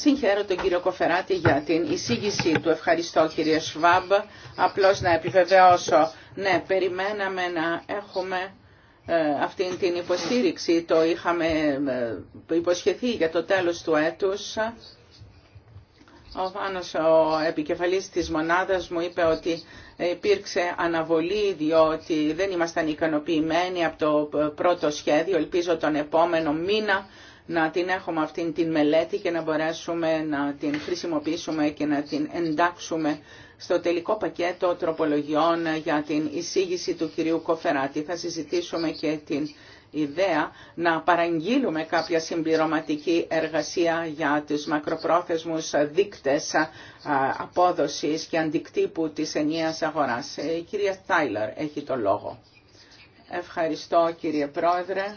Συγχαίρω τον κύριο Κοφεράτη για την εισήγησή του. Ευχαριστώ κύριε Σβάμπ. Απλώς να επιβεβαιώσω, ναι, περιμέναμε να έχουμε ε, αυτή την υποστήριξη. Το είχαμε ε, υποσχεθεί για το τέλος του έτους. Ο Βάνος, ο επικεφαλής της μονάδας μου, είπε ότι υπήρξε αναβολή διότι δεν ήμασταν ικανοποιημένοι από το πρώτο σχέδιο. Ελπίζω τον επόμενο μήνα να την έχουμε αυτήν την μελέτη και να μπορέσουμε να την χρησιμοποιήσουμε και να την εντάξουμε στο τελικό πακέτο τροπολογιών για την εισήγηση του κυρίου Κοφεράτη. Θα συζητήσουμε και την ιδέα να παραγγείλουμε κάποια συμπληρωματική εργασία για τους μακροπρόθεσμους δείκτες απόδοσης και αντικτύπου της ενιαίας αγοράς. Ε, η κυρία Στάιλερ έχει το λόγο. Ευχαριστώ κύριε Πρόεδρε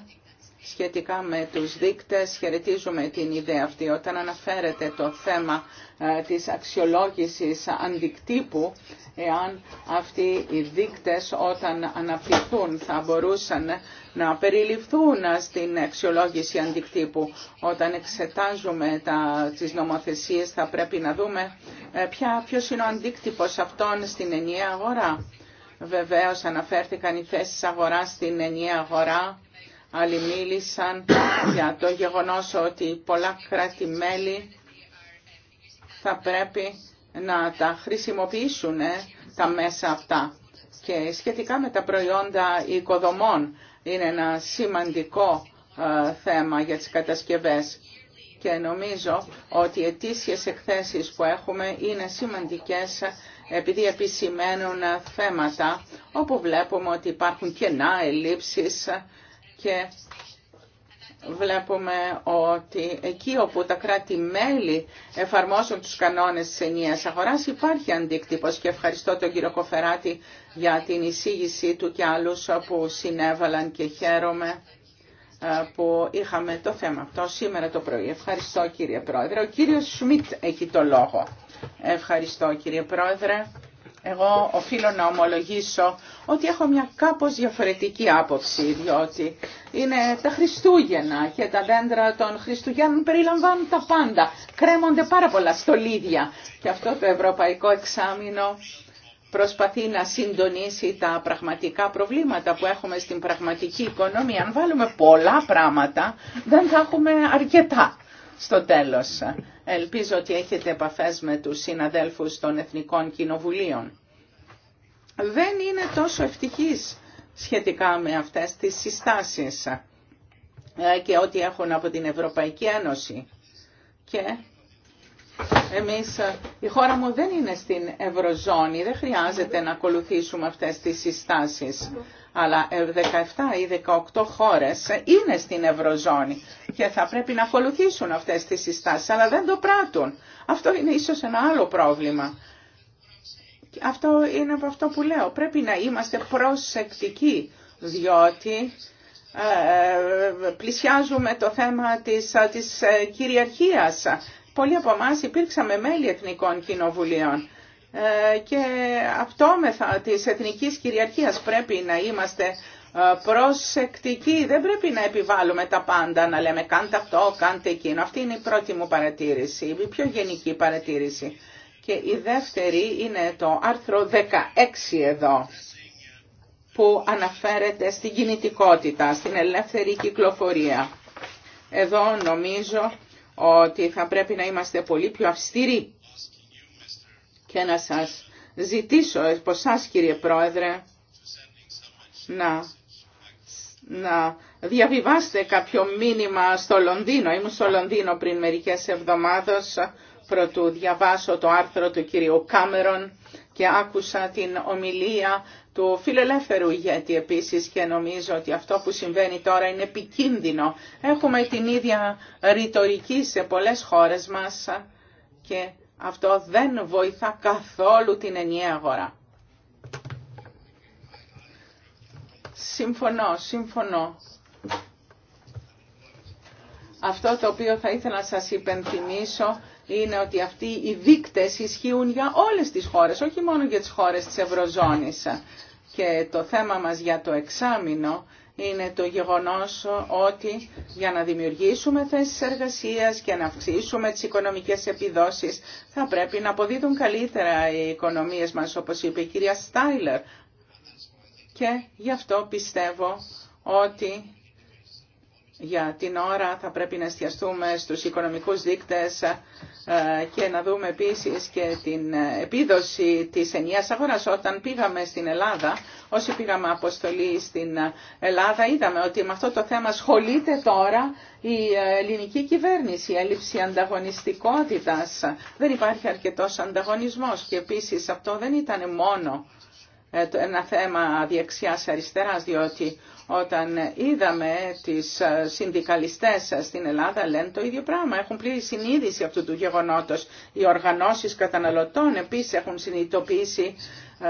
σχετικά με τους δείκτες. Χαιρετίζουμε την ιδέα αυτή. Όταν αναφέρεται το θέμα ε, της αξιολόγησης αντικτύπου, εάν αυτοί οι δείκτες όταν αναπτυχθούν θα μπορούσαν να περιληφθούν στην αξιολόγηση αντικτύπου. Όταν εξετάζουμε τα, τις νομοθεσίες θα πρέπει να δούμε ε, ποια, ποιος είναι ο αντίκτυπος αυτών στην ενιαία αγορά. Βεβαίως αναφέρθηκαν οι θέσεις αγορά στην ενιαία αγορά Άλλοι μίλησαν για το γεγονός ότι πολλά κράτη-μέλη θα πρέπει να τα χρησιμοποιήσουν ε, τα μέσα αυτά. Και σχετικά με τα προϊόντα οικοδομών είναι ένα σημαντικό ε, θέμα για τις κατασκευές και νομίζω ότι οι ετήσιες εκθέσεις που έχουμε είναι σημαντικές ε, επειδή επισημαίνουν θέματα όπου βλέπουμε ότι υπάρχουν κενά, ελλείψεις και βλέπουμε ότι εκεί όπου τα κράτη-μέλη εφαρμόσουν τους κανόνες της ενίας αγοράς υπάρχει αντίκτυπος και ευχαριστώ τον κύριο Κοφεράτη για την εισήγησή του και άλλους που συνέβαλαν και χαίρομαι ε, που είχαμε το θέμα αυτό σήμερα το πρωί. Ευχαριστώ κύριε Πρόεδρε. Ο κύριος Σμιτ έχει το λόγο. Ευχαριστώ κύριε Πρόεδρε. Εγώ οφείλω να ομολογήσω ότι έχω μια κάπως διαφορετική άποψη, διότι είναι τα Χριστούγεννα και τα δέντρα των Χριστουγέννων περιλαμβάνουν τα πάντα. Κρέμονται πάρα πολλά στολίδια και αυτό το ευρωπαϊκό εξάμεινο προσπαθεί να συντονίσει τα πραγματικά προβλήματα που έχουμε στην πραγματική οικονομία. Αν βάλουμε πολλά πράγματα, δεν θα έχουμε αρκετά στο τέλος. Ελπίζω ότι έχετε επαφές με τους συναδέλφους των Εθνικών Κοινοβουλίων. Δεν είναι τόσο ευτυχής σχετικά με αυτές τις συστάσεις ε, και ό,τι έχουν από την Ευρωπαϊκή Ένωση. Και εμείς, ε, η χώρα μου δεν είναι στην Ευρωζώνη, δεν χρειάζεται να ακολουθήσουμε αυτές τις συστάσεις αλλά 17 ή 18 χώρες είναι στην Ευρωζώνη και θα πρέπει να ακολουθήσουν αυτές τις συστάσεις, αλλά δεν το πράττουν. Αυτό είναι ίσως ένα άλλο πρόβλημα. Αυτό είναι από αυτό που λέω. Πρέπει να είμαστε προσεκτικοί, διότι ε, ε, πλησιάζουμε το θέμα της, ε, της κυριαρχίας. Πολλοί από εμά υπήρξαμε μέλη εθνικών κοινοβουλίων ε, και αυτόμεθα της εθνικής κυριαρχίας πρέπει να είμαστε ε, προσεκτικοί. Δεν πρέπει να επιβάλλουμε τα πάντα, να λέμε κάντε αυτό, κάντε εκείνο. Αυτή είναι η πρώτη μου παρατήρηση, η πιο γενική παρατήρηση. Και η δεύτερη είναι το άρθρο 16 εδώ που αναφέρεται στην κινητικότητα, στην ελεύθερη κυκλοφορία. Εδώ νομίζω ότι θα πρέπει να είμαστε πολύ πιο αυστηροί και να σας ζητήσω από εσά κύριε Πρόεδρε να, να διαβιβάστε κάποιο μήνυμα στο Λονδίνο. Ήμουν στο Λονδίνο πριν μερικές εβδομάδες προτού διαβάσω το άρθρο του κυρίου Κάμερον και άκουσα την ομιλία του φιλελεύθερου ηγέτη επίσης και νομίζω ότι αυτό που συμβαίνει τώρα είναι επικίνδυνο. Έχουμε την ίδια ρητορική σε πολλές χώρες μας και αυτό δεν βοηθά καθόλου την ενιαία αγορά. Συμφωνώ, συμφωνώ. Αυτό το οποίο θα ήθελα να σας υπενθυμίσω είναι ότι αυτοί οι δείκτες ισχύουν για όλες τις χώρες, όχι μόνο για τις χώρες της Ευρωζώνης. Και το θέμα μας για το εξάμεινο είναι το γεγονός ότι για να δημιουργήσουμε θέσεις εργασίας και να αυξήσουμε τις οικονομικές επιδόσεις θα πρέπει να αποδίδουν καλύτερα οι οικονομίες μας, όπως είπε η κυρία Στάιλερ. Και γι' αυτό πιστεύω ότι για την ώρα θα πρέπει να εστιαστούμε στους οικονομικούς δείκτες ε, και να δούμε επίσης και την ε, επίδοση της ενιαίας αγοράς. Όταν πήγαμε στην Ελλάδα, όσοι πήγαμε αποστολή στην ε, Ελλάδα, είδαμε ότι με αυτό το θέμα ασχολείται τώρα η ελληνική κυβέρνηση, η έλλειψη ανταγωνιστικότητας. Δεν υπάρχει αρκετός ανταγωνισμός και επίσης αυτό δεν ήταν μόνο ένα θέμα διεξιάς αριστεράς, διότι όταν είδαμε τις ε, συνδικαλιστές στην Ελλάδα λένε το ίδιο πράγμα. Έχουν πλήρη συνείδηση αυτού του γεγονότος. Οι οργανώσεις καταναλωτών επίσης έχουν συνειδητοποιήσει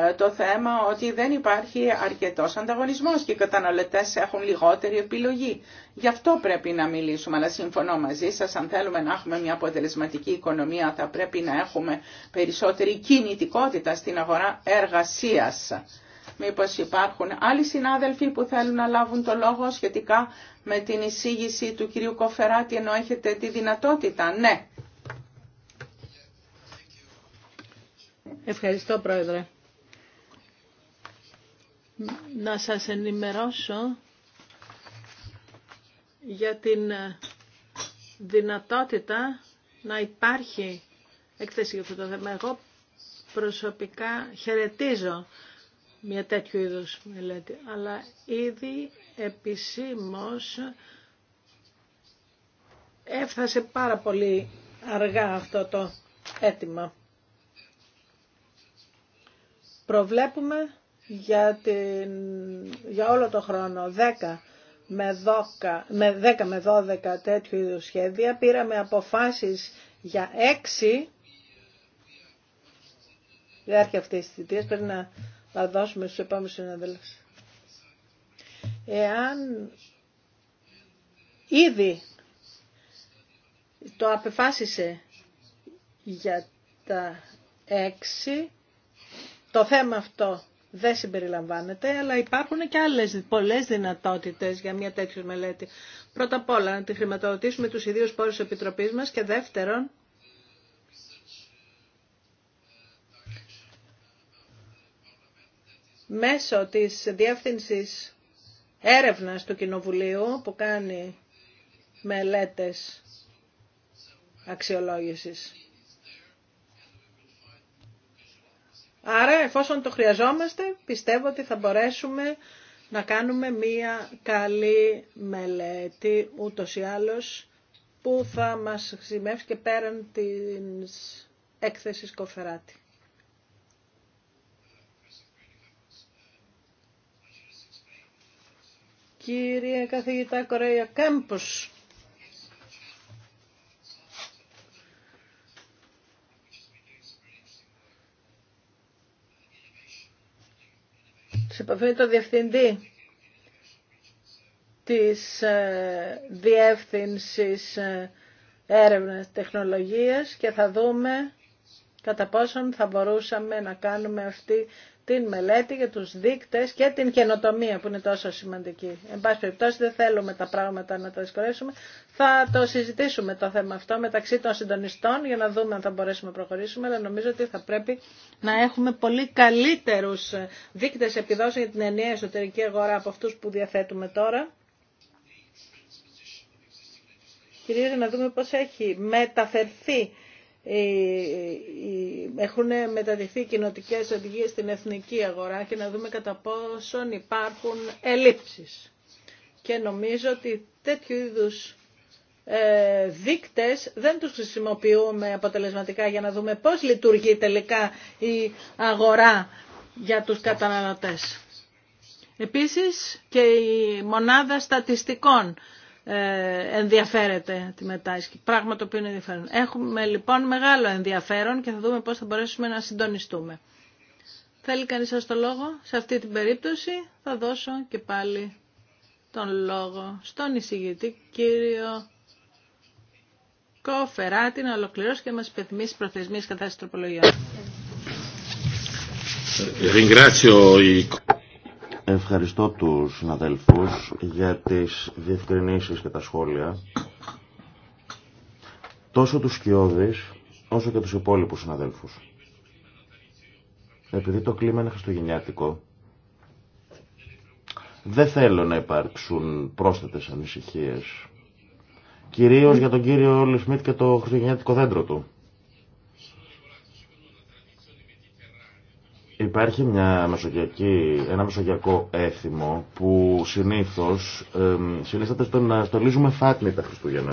ε, το θέμα ότι δεν υπάρχει αρκετός ανταγωνισμός και οι καταναλωτές έχουν λιγότερη επιλογή. Γι' αυτό πρέπει να μιλήσουμε, αλλά συμφωνώ μαζί σας, αν θέλουμε να έχουμε μια αποτελεσματική οικονομία θα πρέπει να έχουμε περισσότερη κινητικότητα στην αγορά εργασίας. Μήπως υπάρχουν άλλοι συνάδελφοι που θέλουν να λάβουν το λόγο σχετικά με την εισήγηση του κυρίου Κοφεράτη ενώ έχετε τη δυνατότητα. Ναι. Ευχαριστώ Πρόεδρε. Να σας ενημερώσω για την δυνατότητα να υπάρχει έκθεση για αυτό το θέμα. Εγώ προσωπικά χαιρετίζω μια τέτοιου είδους μελέτη, αλλά ήδη επισήμως έφτασε πάρα πολύ αργά αυτό το αίτημα. Προβλέπουμε για, την, για όλο το χρόνο 10 με 10, με 10 με 12 τέτοιου είδου σχέδια. Πήραμε αποφάσεις για 6 έρχεται αυτή η θητεία Πρέπει να θα δώσουμε στους επόμενους συναδέλφους. Εάν ήδη το απεφάσισε για τα έξι, το θέμα αυτό δεν συμπεριλαμβάνεται, αλλά υπάρχουν και άλλες πολλές δυνατότητες για μια τέτοια μελέτη. Πρώτα απ' όλα να τη χρηματοδοτήσουμε τους ιδίους πόρους της Επιτροπής μας και δεύτερον μέσω της διεύθυνσης έρευνας του Κοινοβουλίου που κάνει μελέτες αξιολόγησης. Άρα, εφόσον το χρειαζόμαστε, πιστεύω ότι θα μπορέσουμε να κάνουμε μία καλή μελέτη, ούτως ή άλλως, που θα μας χρησιμεύσει και πέραν της έκθεσης Κοφεράτη. Κύριε καθηγητά Κορέα Κέμπος, Σε επαφή με τον Διευθυντή της ε, Διεύθυνσης ε, Έρευνας Τεχνολογίας και θα δούμε κατά πόσον θα μπορούσαμε να κάνουμε αυτή την μελέτη για τους δείκτες και την καινοτομία που είναι τόσο σημαντική. Εν πάση περιπτώσει δεν θέλουμε τα πράγματα να τα δυσκολεύσουμε. Θα το συζητήσουμε το θέμα αυτό μεταξύ των συντονιστών για να δούμε αν θα μπορέσουμε να προχωρήσουμε, αλλά νομίζω ότι θα πρέπει να έχουμε πολύ καλύτερους δείκτες επιδόσεων για την ενιαία εσωτερική αγορά από αυτούς που διαθέτουμε τώρα. Κυρίως να δούμε πώς έχει μεταφερθεί ε, ε, ε, έχουν μεταδειχθεί κοινοτικέ οδηγίε στην εθνική αγορά και να δούμε κατά πόσον υπάρχουν ελλείψεις. Και νομίζω ότι τέτοιου είδου δείκτες δεν τους χρησιμοποιούμε αποτελεσματικά για να δούμε πώς λειτουργεί τελικά η αγορά για τους καταναλωτές. Επίσης και η μονάδα στατιστικών ε, ενδιαφέρεται τη μετάσχη. Πράγμα το οποίο είναι ενδιαφέρον. Έχουμε λοιπόν μεγάλο ενδιαφέρον και θα δούμε πώς θα μπορέσουμε να συντονιστούμε. Θέλει κανείς σας το λόγο. Σε αυτή την περίπτωση θα δώσω και πάλι τον λόγο στον εισηγητή κύριο Κοφεράτη να ολοκληρώσει και μας υπενθυμίσει προθεσμίες κατάστασης τροπολογιών. Ευχαριστώ τους συναδέλφους για τις διευκρινήσεις και τα σχόλια. Τόσο τους Σκιώδης, όσο και τους υπόλοιπους συναδέλφους. Επειδή το κλίμα είναι χριστουγεννιάτικο, δεν θέλω να υπάρξουν πρόσθετες ανησυχίες. Κυρίως για τον κύριο Όλη και το χριστουγεννιάτικο δέντρο του. Υπάρχει μια μεσογειακή, ένα μεσογειακό έθιμο που συνήθως ε, συνίσταται στο να στολίζουμε φάτνη τα Χριστούγεννα.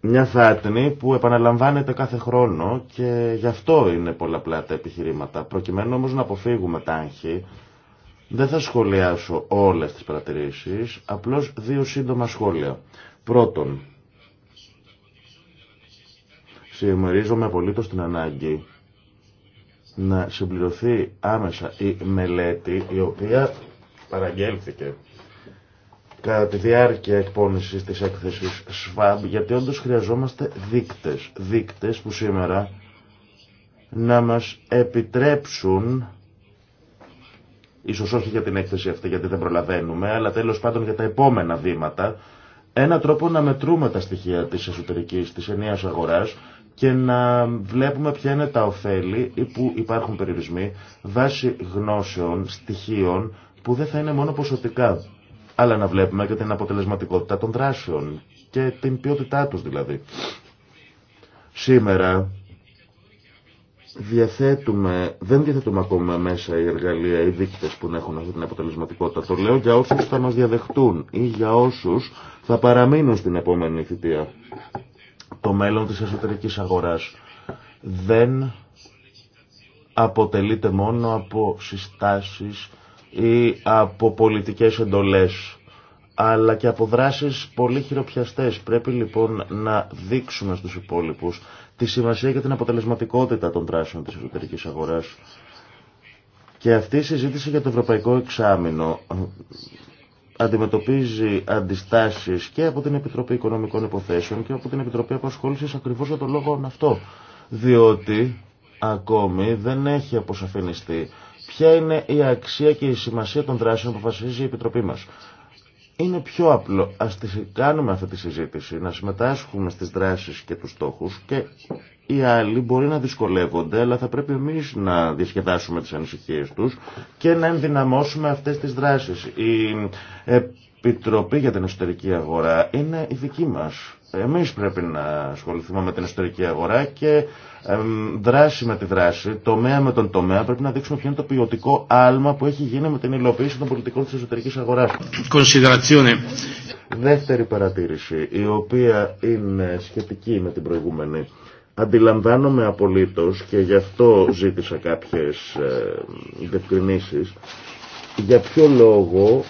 Μια φάτνη που επαναλαμβάνεται κάθε χρόνο και γι' αυτό είναι πολλαπλά τα επιχειρήματα. Προκειμένου όμως να αποφύγουμε τάχη, δεν θα σχολιάσω όλες τις παρατηρήσεις, απλώς δύο σύντομα σχόλια. Πρώτον, συμμερίζομαι απολύτως την ανάγκη να συμπληρωθεί άμεσα η μελέτη η οποία παραγγέλθηκε κατά τη διάρκεια εκπόνησης της έκθεσης ΣΒΑΜ γιατί όντως χρειαζόμαστε δείκτες, δείκτες που σήμερα να μας επιτρέψουν ίσως όχι για την έκθεση αυτή γιατί δεν προλαβαίνουμε αλλά τέλος πάντων για τα επόμενα βήματα ένα τρόπο να μετρούμε τα στοιχεία της εσωτερικής, της ενιαίας αγοράς και να βλέπουμε ποια είναι τα ωφέλη ή που υπάρχουν περιορισμοί βάσει γνώσεων, στοιχείων που δεν θα είναι μόνο ποσοτικά αλλά να βλέπουμε και την αποτελεσματικότητα των δράσεων και την ποιότητά τους δηλαδή. Σήμερα διαθέτουμε, δεν διαθέτουμε ακόμα μέσα οι εργαλεία, οι δείκτες που έχουν αυτή την αποτελεσματικότητα. Το λέω για όσους θα μας διαδεχτούν ή για όσους θα παραμείνουν στην επόμενη θητεία το μέλλον της εσωτερικής αγοράς δεν αποτελείται μόνο από συστάσεις ή από πολιτικές εντολές αλλά και από δράσεις πολύ χειροπιαστές. Πρέπει λοιπόν να δείξουμε στους υπόλοιπους τη σημασία και την αποτελεσματικότητα των δράσεων της εσωτερικής αγοράς. Και αυτή η συζήτηση για το ευρωπαϊκό εξάμεινο αντιμετωπίζει αντιστάσεις και από την Επιτροπή Οικονομικών Υποθέσεων και από την Επιτροπή Απασχόλησης ακριβώς για τον λόγο αυτό. Διότι ακόμη δεν έχει αποσαφινιστεί ποια είναι η αξία και η σημασία των δράσεων που αποφασίζει η Επιτροπή μας είναι πιο απλό. Ας κάνουμε αυτή τη συζήτηση, να συμμετάσχουμε στις δράσεις και τους στόχους και οι άλλοι μπορεί να δυσκολεύονται, αλλά θα πρέπει εμείς να διασκεδάσουμε τις ανησυχίες τους και να ενδυναμώσουμε αυτές τις δράσεις. Η Επιτροπή για την Εσωτερική Αγορά είναι η δική μας εμείς πρέπει να ασχοληθούμε με την εσωτερική αγορά και δράση με τη δράση, τομέα με τον τομέα, πρέπει να δείξουμε ποιο είναι το ποιοτικό άλμα που έχει γίνει με την υλοποίηση των πολιτικών της εσωτερικής αγοράς. Δεύτερη παρατήρηση, η οποία είναι σχετική με την προηγούμενη. Αντιλαμβάνομαι απολύτως και γι' αυτό ζήτησα κάποιες ε, διευκρινήσεις για ποιο λόγο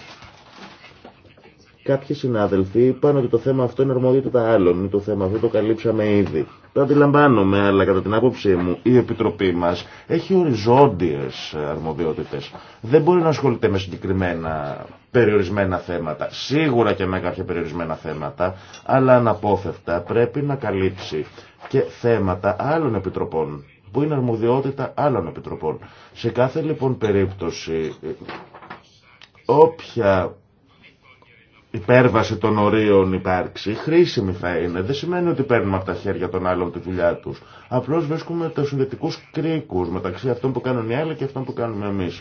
Κάποιοι συνάδελφοι είπαν ότι το θέμα αυτό είναι αρμοδιότητα άλλων, το θέμα αυτό το καλύψαμε ήδη. Το αντιλαμβάνομαι, αλλά κατά την άποψή μου η Επιτροπή μα έχει οριζόντιε αρμοδιότητε. Δεν μπορεί να ασχολείται με συγκεκριμένα περιορισμένα θέματα, σίγουρα και με κάποια περιορισμένα θέματα, αλλά αναπόφευκτα πρέπει να καλύψει και θέματα άλλων επιτροπών που είναι αρμοδιότητα άλλων επιτροπών. Σε κάθε λοιπόν περίπτωση, ε, όποια υπέρβαση των ορίων υπάρξει, χρήσιμη θα είναι. Δεν σημαίνει ότι παίρνουμε από τα χέρια των άλλων τη δουλειά του. Απλώ βρίσκουμε του συνδετικού κρίκου μεταξύ αυτών που κάνουν οι άλλοι και αυτών που κάνουμε εμεί.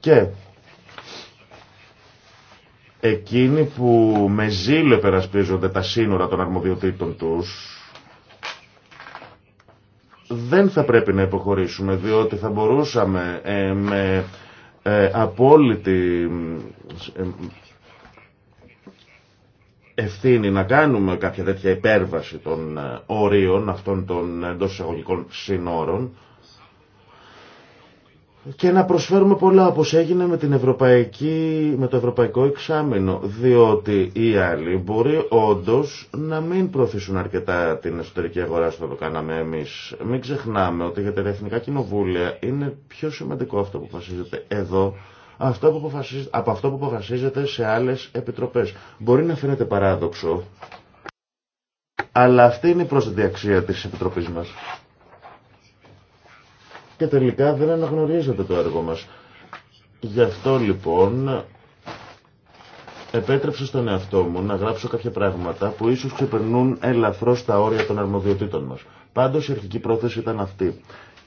Και εκείνοι που με ζήλο επερασπίζονται τα σύνορα των αρμοδιοτήτων τους δεν θα πρέπει να υποχωρήσουμε διότι θα μπορούσαμε ε, με ε, απόλυτη ε, ευθύνη να κάνουμε κάποια τέτοια υπέρβαση των ε, ορίων αυτών των εντό εισαγωγικών συνόρων και να προσφέρουμε πολλά όπως έγινε με, την ευρωπαϊκή, με το ευρωπαϊκό εξάμεινο διότι οι άλλοι μπορεί όντως να μην προωθήσουν αρκετά την εσωτερική αγορά στο το κάναμε εμείς. Μην ξεχνάμε ότι για τα εθνικά κοινοβούλια είναι πιο σημαντικό αυτό που βασίζεται εδώ αυτό που από αυτό που αποφασίζεται σε άλλες επιτροπές. Μπορεί να φαίνεται παράδοξο, αλλά αυτή είναι η πρόσθετη αξία της επιτροπής μας. Και τελικά δεν αναγνωρίζεται το έργο μας. Γι' αυτό λοιπόν επέτρεψα στον εαυτό μου να γράψω κάποια πράγματα που ίσως ξεπερνούν ελαφρώς τα όρια των αρμοδιοτήτων μας. Πάντως η αρχική πρόθεση ήταν αυτή.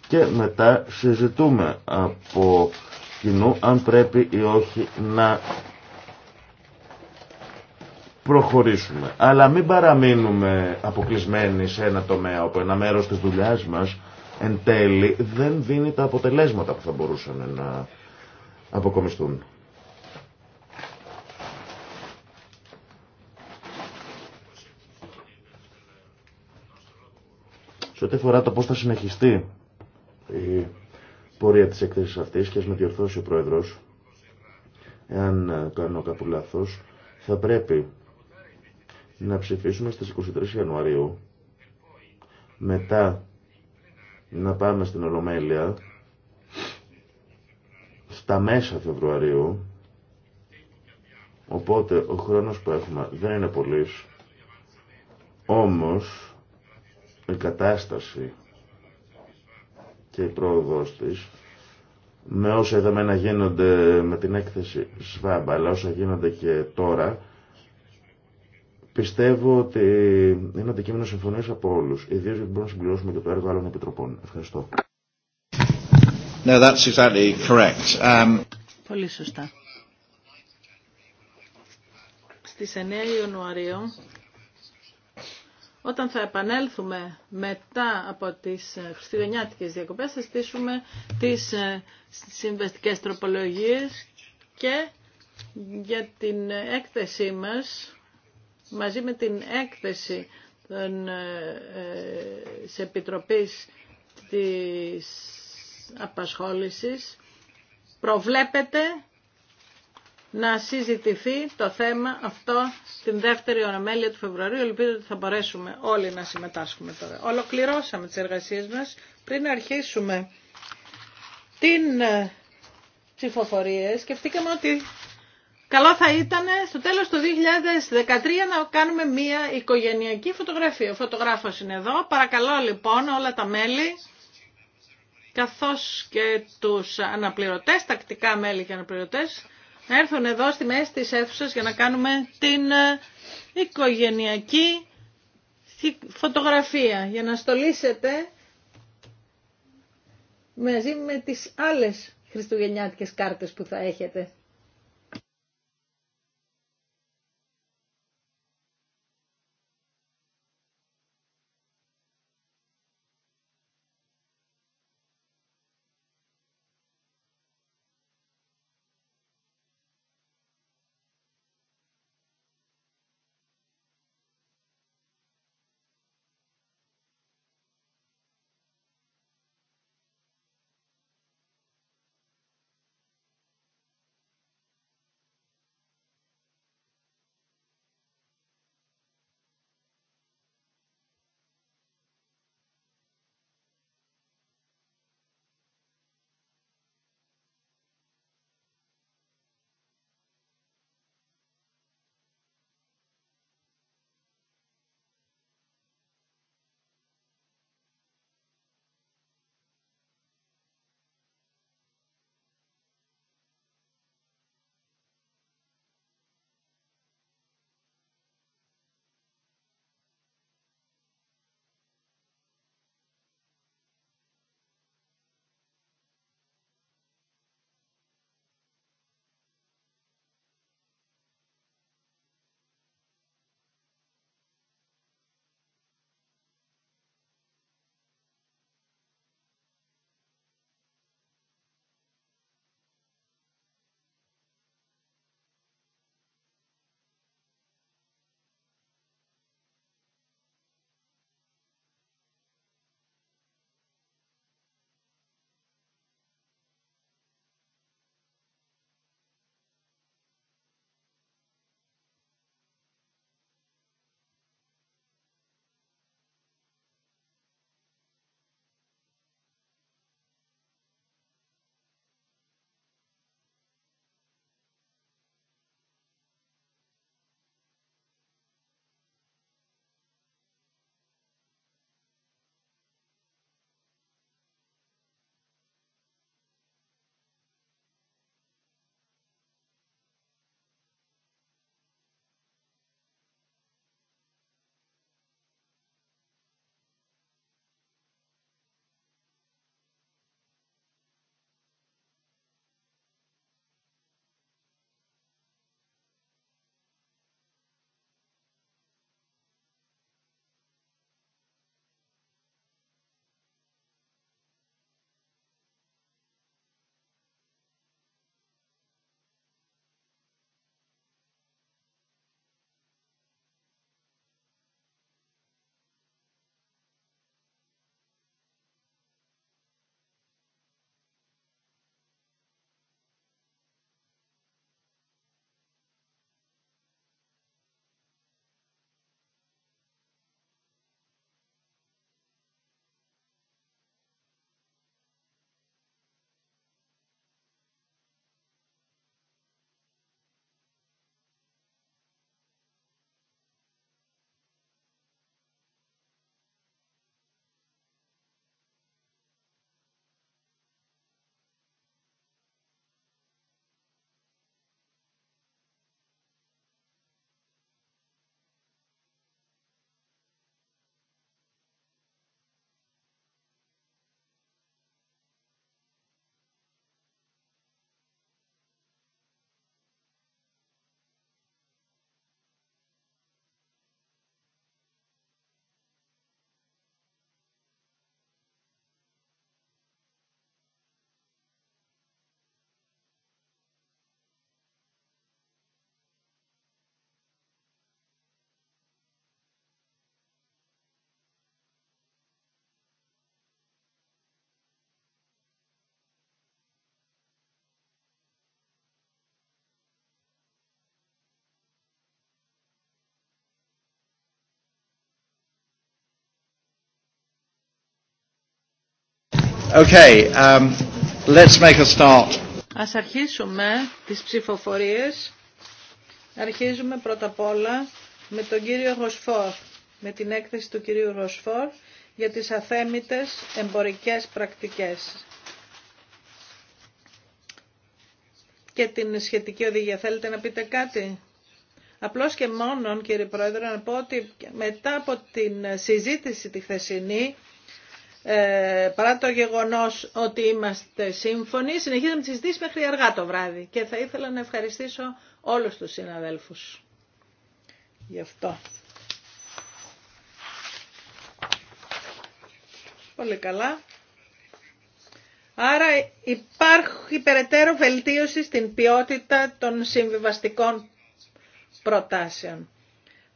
Και μετά συζητούμε από κοινού αν πρέπει ή όχι να προχωρήσουμε. Αλλά μην παραμείνουμε αποκλεισμένοι σε ένα τομέα όπου ένα μέρος της δουλειάς μας εν τέλει δεν δίνει τα αποτελέσματα που θα μπορούσαν να αποκομιστούν. Σε ό,τι το πώς θα συνεχιστεί πορεία της εκθέσης αυτής και ας με διορθώσει ο Πρόεδρος, εάν κάνω κάπου λάθος, θα πρέπει να ψηφίσουμε στις 23 Ιανουαρίου, μετά να πάμε στην Ολομέλεια, στα μέσα Φεβρουαρίου, οπότε ο χρόνος που έχουμε δεν είναι πολύς, όμως η κατάσταση και η πρόοδος της με όσα είδαμε να γίνονται με την έκθεση Σβάμπ, αλλά όσα γίνονται και τώρα πιστεύω ότι είναι αντικείμενο συμφωνίας από όλους ιδίως γιατί μπορούμε να συμπληρώσουμε και το έργο άλλων επιτροπών. Ευχαριστώ. that's exactly correct. Um, Πολύ σωστά. Στις 9 Ιανουαρίου όταν θα επανέλθουμε μετά από τις ε, χριστουγεννιάτικες διακοπές θα στήσουμε τις ε, συμβεστικές τροπολογίες και για την έκθεσή μας μαζί με την έκθεση των, ε, της Επιτροπής της Απασχόλησης προβλέπεται να συζητηθεί το θέμα αυτό στην δεύτερη ονομέλεια του Φεβρουαρίου. Ελπίζω ότι θα μπορέσουμε όλοι να συμμετάσχουμε τώρα. Ολοκληρώσαμε τις εργασίες μας πριν αρχίσουμε την ε, ψηφοφορία. Σκεφτήκαμε ότι καλό θα ήταν στο τέλος του 2013 να κάνουμε μια οικογενειακή φωτογραφία. Ο φωτογράφος είναι εδώ. Παρακαλώ λοιπόν όλα τα μέλη καθώς και τους αναπληρωτές, τακτικά μέλη και αναπληρωτές, να έρθουν εδώ στη μέση της αίθουσα για να κάνουμε την ε, οικογενειακή φωτογραφία για να στολίσετε μαζί με τις άλλες χριστουγεννιάτικες κάρτες που θα έχετε. Okay, um, let's make a start. Ας αρχίσουμε τις ψηφοφορίες. Αρχίζουμε πρώτα απ' όλα με τον κύριο Ροσφόρ, με την έκθεση του κυρίου Ροσφόρ για τις αθέμητες εμπορικές πρακτικές και την σχετική οδηγία. Θέλετε να πείτε κάτι? Απλώς και μόνον, κύριε Πρόεδρε, να πω ότι μετά από την συζήτηση τη χθεσινή, ε, παρά το γεγονός ότι είμαστε σύμφωνοι, συνεχίζουμε τις συζητήσεις μέχρι αργά το βράδυ και θα ήθελα να ευχαριστήσω όλους τους συναδέλφους γι' αυτό. Πολύ καλά. Άρα υπάρχει περαιτέρω βελτίωση στην ποιότητα των συμβιβαστικών προτάσεων.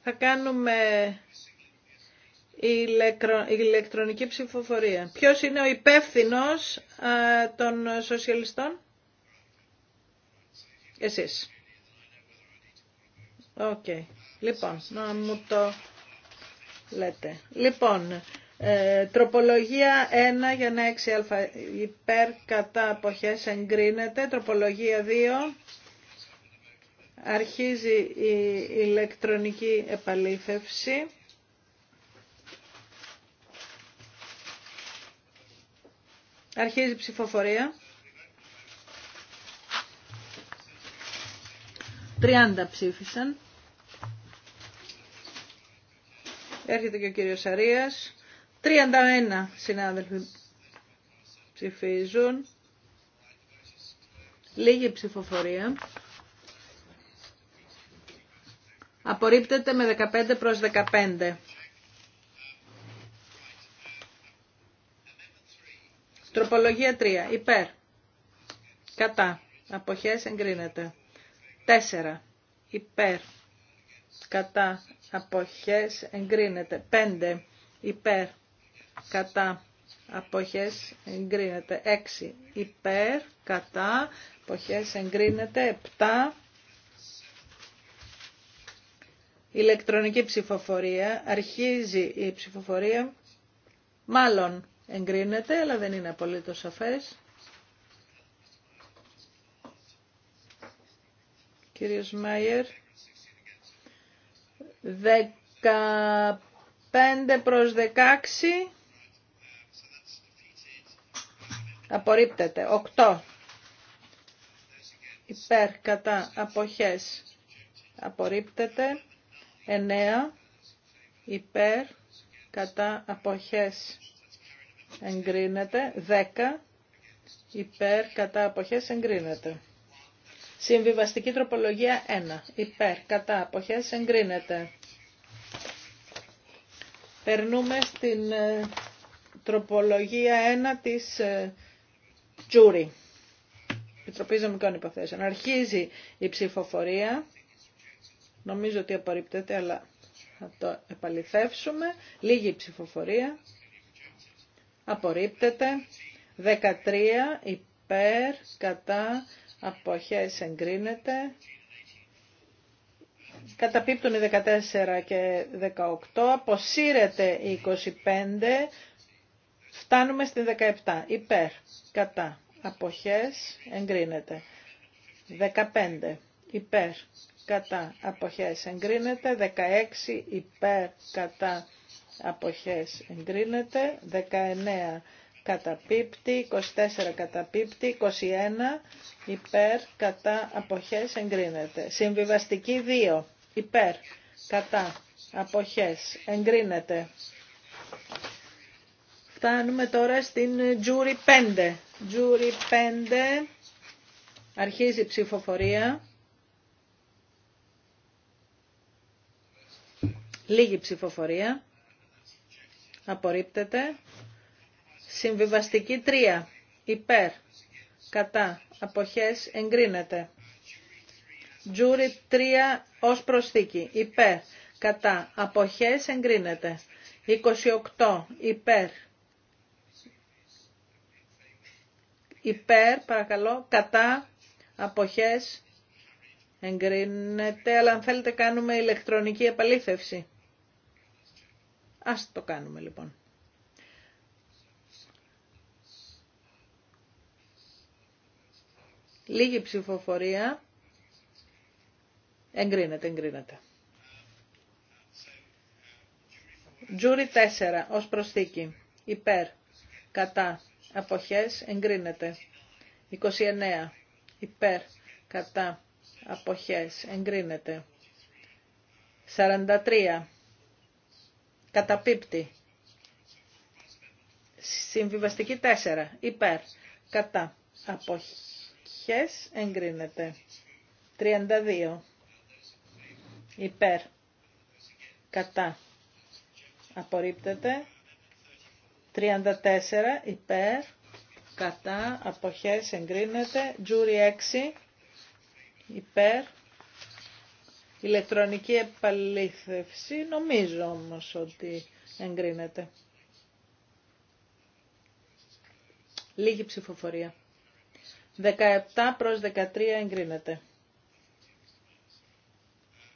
Θα κάνουμε η ηλεκτρονική ψηφοφορία. Ποιος είναι ο υπεύθυνος ε, των σοσιαλιστών? Εσείς. Οκ. Okay. Λοιπόν, να μου το λέτε. Λοιπόν, ε, τροπολογία 1 για να 6α υπέρ κατά αποχές εγκρίνεται. Τροπολογία 2 αρχίζει η ηλεκτρονική επαλήθευση. Αρχίζει η ψηφοφορία. 30 ψήφισαν. Έρχεται και ο κύριος Αρίας. 31 συνάδελφοι ψηφίζουν. Λίγη ψηφοφορία. Απορρίπτεται με 15 προς 15. Τροπολογία 3. Υπέρ. Κατά. Αποχές εγκρίνεται. 4. Υπέρ. Κατά. Αποχές εγκρίνεται. 5. Υπέρ. Κατά. Αποχές εγκρίνεται. 6. Υπέρ. Κατά. Αποχές εγκρίνεται. 7. Ηλεκτρονική ψηφοφορία. Αρχίζει η ψηφοφορία. Μάλλον Εγκρίνεται, αλλά δεν είναι απολύτως σαφές. Κύριος Μάιερ, 15 προς 16, απορρίπτεται, 8, υπέρ, κατά, αποχές, απορρίπτεται, 9, υπέρ, κατά, αποχές, εγκρίνεται. 10 υπέρ κατά αποχές εγκρίνεται. Συμβιβαστική τροπολογία 1 υπέρ κατά αποχές εγκρίνεται. Περνούμε στην ε, τροπολογία 1 της ε, Τζούρι. Επιτροπή Ζωμικών Υποθέσεων. Αρχίζει η ψηφοφορία. Νομίζω ότι απορρίπτεται, αλλά θα το επαληθεύσουμε. Λίγη ψηφοφορία απορρίπτεται. 13 υπέρ, κατά, αποχές εγκρίνεται. Καταπίπτουν οι 14 και 18, αποσύρεται οι 25, φτάνουμε στην 17, υπέρ, κατά, αποχές εγκρίνεται. 15 υπέρ, κατά, αποχές εγκρίνεται. 16 υπέρ, κατά, αποχές εγκρίνεται, 19 καταπίπτει, 24 καταπίπτει, 21 υπέρ κατά αποχές εγκρίνεται. Συμβιβαστική 2 υπέρ κατά αποχές εγκρίνεται. Φτάνουμε τώρα στην τζούρι 5. Τζούρι 5 αρχίζει ψηφοφορία. Λίγη ψηφοφορία απορρίπτεται. Συμβιβαστική 3 υπέρ κατά αποχές εγκρίνεται. Τζούρι 3 ως προσθήκη υπέρ κατά αποχές εγκρίνεται. 28 υπέρ υπέρ παρακαλώ κατά αποχές εγκρίνεται αλλά αν θέλετε κάνουμε ηλεκτρονική επαλήθευση. Ας το κάνουμε λοιπόν. Λίγη ψηφοφορία. Εγκρίνεται, εγκρίνεται. Τζούρι 4 ως προσθήκη. Υπέρ. Κατά. Αποχές. Εγκρίνεται. 29. Υπέρ. Κατά. Αποχές. Εγκρίνεται. 43. Καταπίπτει. Συμβιβαστική 4. Υπέρ. Κατά. Αποχές εγκρίνεται. 32. Υπέρ. Κατά. Απορρίπτεται. 34. Υπέρ. Κατά. Αποχές εγκρίνεται. Τζούρι 6. Υπέρ ηλεκτρονική επαλήθευση. Νομίζω όμως ότι εγκρίνεται. Λίγη ψηφοφορία. 17 προς 13 εγκρίνεται.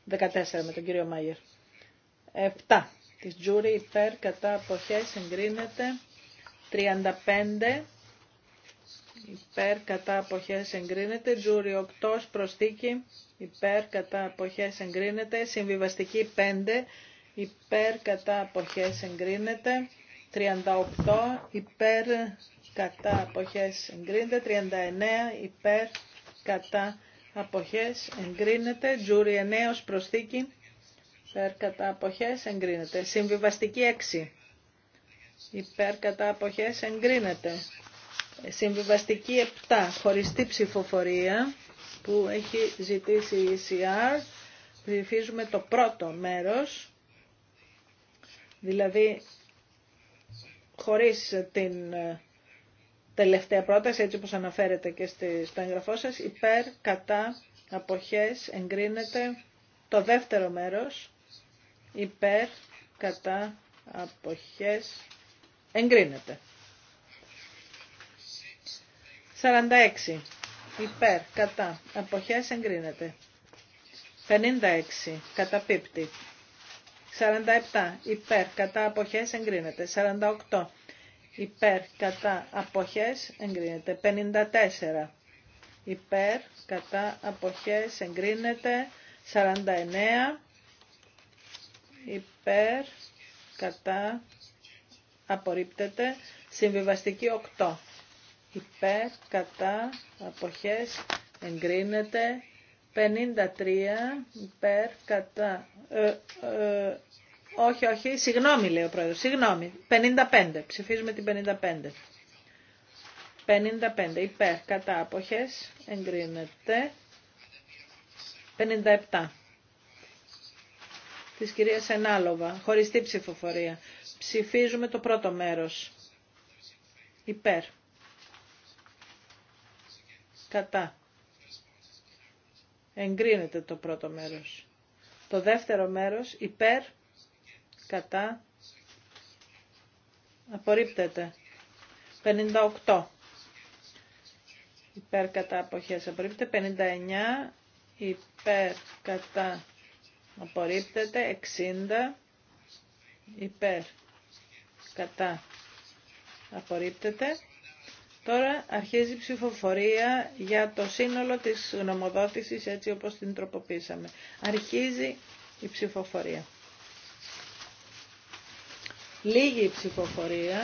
14 με τον κύριο Μάγερ. 7 της Τζούρι υπέρ κατά αποχές εγκρίνεται. 35 υπέρ κατά αποχές εγκρίνεται, τζούρι 8 προστίκη, υπέρ κατά αποχές εγκρίνεται, συμβιβαστική 5, υπέρ κατά αποχές εγκρίνεται, 38 υπέρ κατά αποχές εγκρίνεται, 39 υπέρ κατά αποχές εγκρίνεται, τζούρι 9 ως προσθήκη, υπέρ κατά αποχές εγκρίνεται, συμβιβαστική 6. Υπέρ κατά αποχές εγκρίνεται. Συμβιβαστική 7, χωριστή ψηφοφορία που έχει ζητήσει η ECR. Ψηφίζουμε το πρώτο μέρος, δηλαδή χωρίς την ε, τελευταία πρόταση, έτσι όπως αναφέρεται και στο εγγραφό σας, υπέρ, κατά, αποχές, εγκρίνεται το δεύτερο μέρος, υπέρ, κατά, αποχές, εγκρίνεται. 46. Υπέρ, κατά, αποχές εγκρίνεται. 56. Καταπίπτει. 47. Υπέρ, κατά, αποχές εγκρίνεται. 48. Υπέρ, κατά, αποχές εγκρίνεται. 54. Υπέρ, κατά, αποχές εγκρίνεται. 49. Υπέρ, κατά, απορρίπτεται. Συμβιβαστική 8 υπέρ, κατά, αποχές, εγκρίνεται. 53 υπέρ, κατά, ε, ε, όχι, όχι, συγγνώμη λέει ο πρόεδρος, συγγνώμη, 55, ψηφίζουμε την 55. 55 υπέρ, κατά, αποχές, εγκρίνεται. 57 της κυρίας Ενάλοβα, χωριστή ψηφοφορία. Ψηφίζουμε το πρώτο μέρος. Υπέρ. Κατά. Εγκρίνεται το πρώτο μέρος. Το δεύτερο μέρος υπέρ. Κατά. Απορρίπτεται. 58. Υπέρ κατά αποχές απορρίπτεται. 59. Υπέρ κατά απορρίπτεται. 60. Υπέρ κατά απορρίπτεται. Τώρα αρχίζει η ψηφοφορία για το σύνολο της γνωμοδότησης έτσι όπως την τροποποίησαμε. Αρχίζει η ψηφοφορία. Λίγη η ψηφοφορία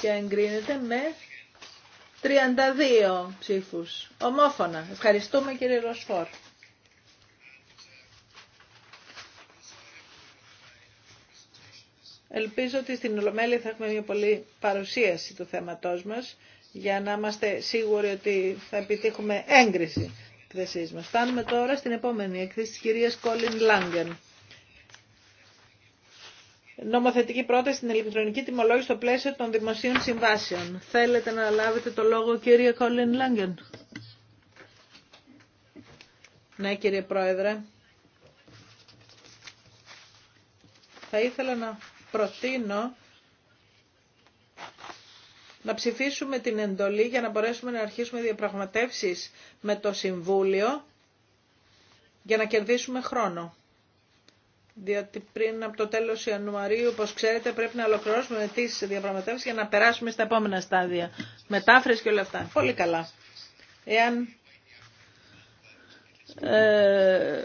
και εγκρίνεται με 32 ψήφους. Ομόφωνα. Ευχαριστούμε κύριε Ροσφόρ. Ελπίζω ότι στην Ολομέλεια θα έχουμε μια πολύ παρουσίαση του θέματός μας για να είμαστε σίγουροι ότι θα επιτύχουμε έγκριση εκθεσής μας. Φτάνουμε τώρα στην επόμενη εκθέση της κυρίας Κόλιν Λάγκεν. Νομοθετική πρόταση στην ηλεκτρονική τιμολόγηση στο πλαίσιο των δημοσίων συμβάσεων. Θέλετε να λάβετε το λόγο κύριε Κόλιν Λάγκεν. Ναι κύριε Πρόεδρε. Θα ήθελα να προτείνω να ψηφίσουμε την εντολή για να μπορέσουμε να αρχίσουμε διαπραγματεύσεις με το Συμβούλιο για να κερδίσουμε χρόνο. Διότι πριν από το τέλος Ιανουαρίου, όπως ξέρετε, πρέπει να ολοκληρώσουμε τις διαπραγματεύσεις για να περάσουμε στα επόμενα στάδια. Μετάφρες και όλα αυτά. Πολύ καλά. Εάν ε,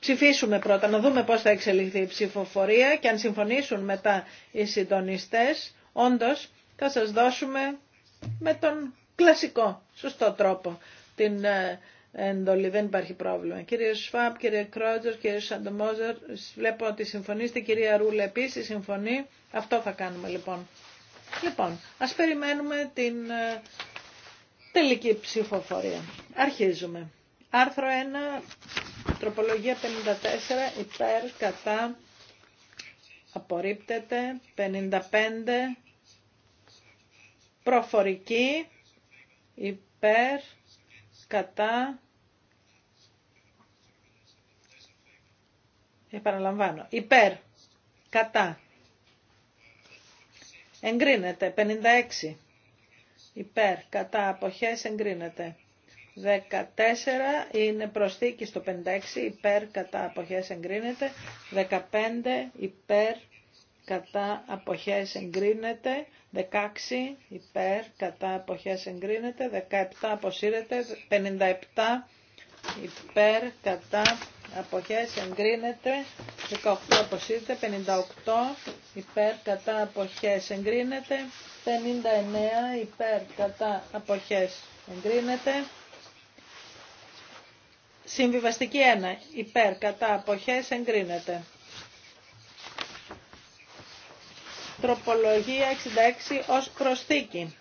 ψηφίσουμε πρώτα, να δούμε πώς θα εξελιχθεί η ψηφοφορία και αν συμφωνήσουν μετά οι συντονιστές, όντως θα σας δώσουμε με τον κλασικό, σωστό τρόπο την ε, εντολή. Δεν υπάρχει πρόβλημα. Κύριε Σφάπ, κύριε Κρότζερ, κύριε Σαντομόζερ, βλέπω ότι συμφωνείστε. Κυρία Ρούλε επίσης συμφωνεί. Αυτό θα κάνουμε λοιπόν. Λοιπόν, ας περιμένουμε την ε, τελική ψηφοφορία. Αρχίζουμε. Άρθρο 1, Τροπολογία 54 υπέρ κατά απορρίπτεται. 55 προφορική υπέρ κατά επαναλαμβάνω υπέρ κατά εγκρίνεται 56 υπέρ κατά αποχές εγκρίνεται 14 είναι προσθήκη στο 56, υπέρ κατά αποχές εγκρίνεται. 15 υπέρ κατά αποχές εγκρίνεται. 16 υπέρ κατά αποχές εγκρίνεται. 17 αποσύρεται. 57 υπέρ κατά αποχές εγκρίνεται. 18 αποσύρεται. 58 υπέρ κατά αποχές εγκρίνεται. 59 υπέρ κατά αποχές εγκρίνεται. Συμβιβαστική 1. Υπέρ. Κατά. Αποχές. Εγκρίνεται. Τροπολογία 66 ως προσθήκη.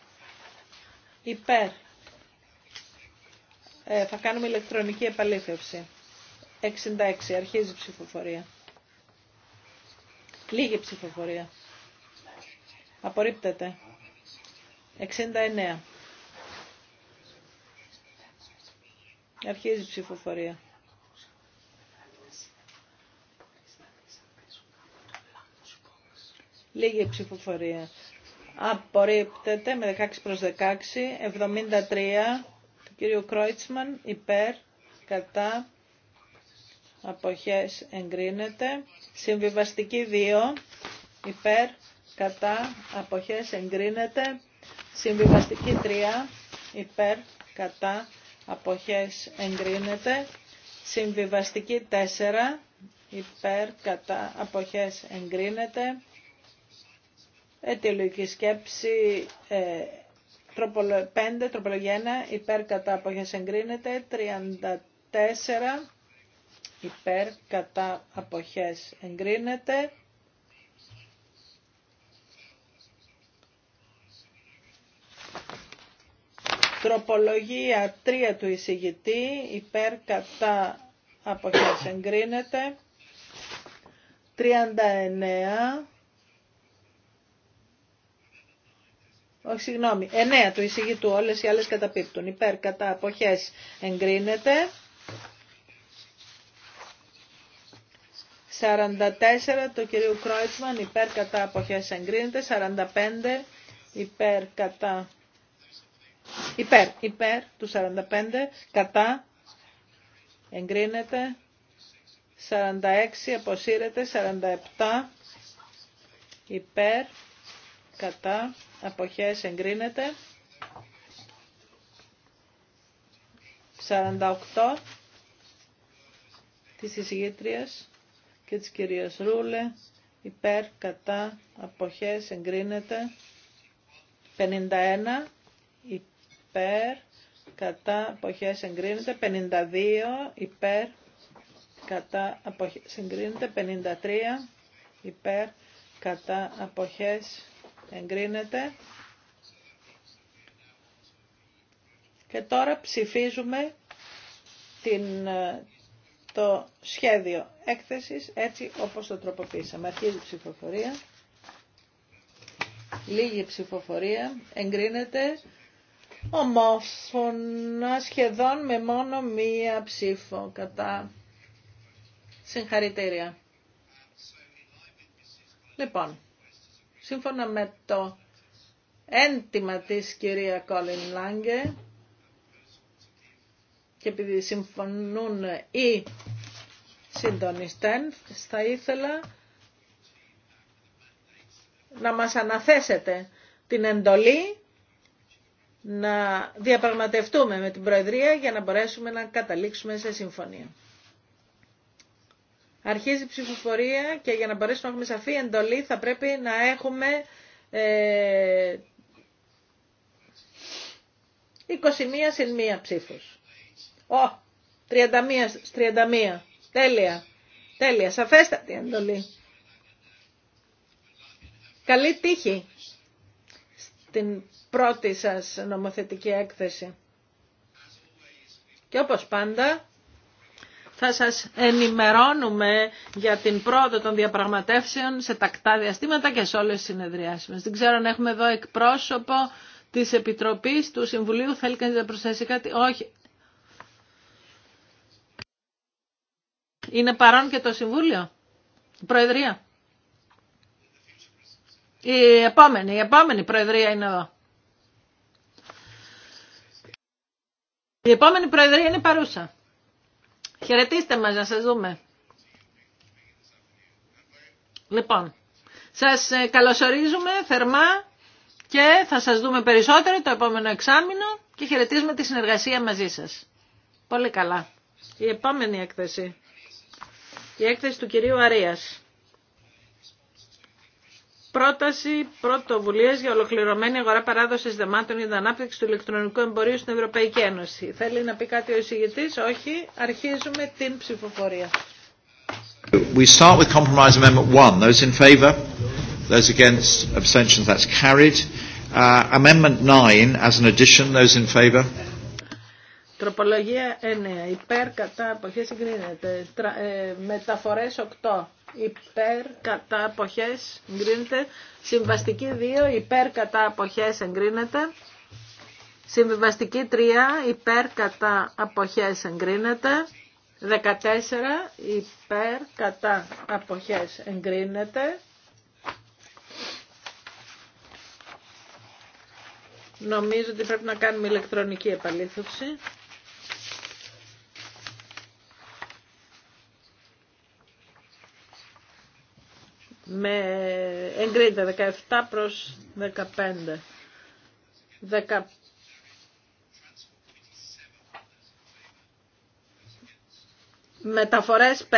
Υπέρ. Ε, θα κάνουμε ηλεκτρονική επαλήθευση. 66. Αρχίζει ψηφοφορία. Λίγη ψηφοφορία. Απορρίπτεται. 69. Αρχίζει η ψηφοφορία. Λίγη ψηφοφορία. Απορρίπτεται με 16 προς 16, 73 του κύριου Κρόιτσμαν, υπέρ, κατά, αποχές εγκρίνεται. Συμβιβαστική 2, υπέρ, κατά, αποχές εγκρίνεται. Συμβιβαστική 3, υπέρ, κατά, αποχές εγκρίνεται. Συμβιβαστική 4 υπέρ κατά αποχές εγκρίνεται. Αιτιολογική σκέψη ε, 5, τροπολογία 1, υπέρ κατά αποχές εγκρίνεται, 34, υπέρ κατά αποχές εγκρίνεται, Τροπολογία 3 του εισηγητή, υπέρ κατά αποχές εγκρίνεται. 39 όχι, συγγνώμη, 9 του εισηγητού, όλες οι άλλες καταπίπτουν. Υπέρ, κατά, αποχές, εγκρίνεται. 44 του κυρίου Κρόιτσμαν, υπέρ, κατά, αποχές, εγκρίνεται. 45 υπέρ, κατά, Υπέρ. Υπέρ του 45. Κατά. Εγκρίνεται. 46. Αποσύρεται. 47. Υπέρ. Κατά. Αποχές εγκρίνεται. 48 της εισηγήτριας και της κυρίας Ρούλε υπέρ, κατά, αποχές, εγκρίνεται. 51, υπέρ, υπέρ, κατά αποχέ εγκρίνεται, 52 υπέρ, κατά αποχέ εγκρίνεται, 53 υπέρ, κατά αποχές εγκρίνεται. Και τώρα ψηφίζουμε την, ε, το σχέδιο έκθεσης έτσι όπως το τροποποίησαμε. Αρχίζει η ψηφοφορία. Λίγη ψηφοφορία. Εγκρίνεται ομόφωνα σχεδόν με μόνο μία ψήφο κατά συγχαρητήρια. Λοιπόν, σύμφωνα με το έντιμα της κυρία Κόλιν Λάγκε και επειδή συμφωνούν οι συντονιστέν, θα ήθελα να μας αναθέσετε την εντολή να διαπραγματευτούμε με την Προεδρία για να μπορέσουμε να καταλήξουμε σε συμφωνία. Αρχίζει η ψηφοφορία και για να μπορέσουμε να έχουμε σαφή εντολή θα πρέπει να έχουμε 21 ε, συν 1 ψήφους. Ω, 31, 31. Τέλεια. Τέλεια. Σαφέστατη εντολή. Καλή τύχη στην πρώτη σας νομοθετική έκθεση. Και όπως πάντα θα σας ενημερώνουμε για την πρόοδο των διαπραγματεύσεων σε τακτά διαστήματα και σε όλες τις συνεδριάσεις μας. Δεν ξέρω αν έχουμε εδώ εκπρόσωπο της Επιτροπής του Συμβουλίου. Θέλει κανείς να προσθέσει κάτι. Όχι. Είναι παρόν και το Συμβούλιο. Η Προεδρία. Η επόμενη, η επόμενη Προεδρία είναι εδώ. Η επόμενη Προεδρία είναι παρούσα. Χαιρετίστε μας να σας δούμε. Λοιπόν, σας ε, καλωσορίζουμε θερμά και θα σας δούμε περισσότερο το επόμενο εξάμεινο και χαιρετίζουμε τη συνεργασία μαζί σας. Πολύ καλά. Η επόμενη έκθεση. Η έκθεση του κυρίου Αρίας πρόταση πρωτοβουλία για ολοκληρωμένη αγορά παράδοση δεμάτων για την ανάπτυξη του ηλεκτρονικού εμπορίου στην Ευρωπαϊκή Ένωση. Θέλει να πει κάτι ο εισηγητή, Όχι. Αρχίζουμε την ψηφοφορία. We start with compromise amendment 1. Those in favour, those against, abstentions, that's carried. Uh, amendment 9 as an addition, those in favour, Τροπολογία 9. Υπέρ κατά αποχές εγκρίνεται. Ε, μεταφορές 8. Υπέρ κατά αποχές εγκρίνεται. Συμβαστική 2. Υπέρ κατά αποχές εγκρίνεται. Συμβιβαστική 3. Υπέρ κατά αποχές εγκρίνεται. 14. Υπέρ κατά αποχές εγκρίνεται. Νομίζω ότι πρέπει να κάνουμε ηλεκτρονική επαλήθευση. με εγκρίνεται 17 προς 15. 10... Μεταφορές 5,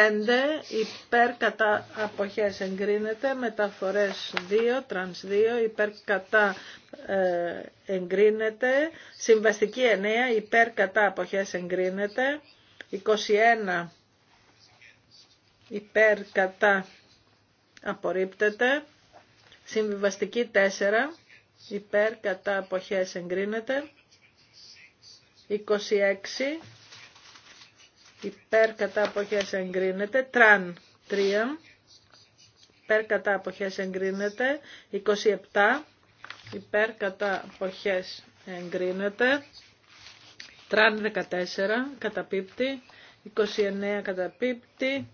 υπέρ κατά αποχές εγκρίνεται, μεταφορές 2, τρανς 2, υπέρ κατά ε, εγκρίνεται, συμβαστική 9, υπέρ κατά αποχές εγκρίνεται, 21 υπέρ κατά απορρίπτεται. Συμβιβαστική 4 υπέρ κατά αποχές εγκρίνεται. 26 υπέρ κατά αποχές εγκρίνεται. Τραν 3 υπέρ κατά αποχές εγκρίνεται. 27 υπέρ κατά αποχές εγκρίνεται. Τραν 14 καταπίπτει. 29 καταπίπτει.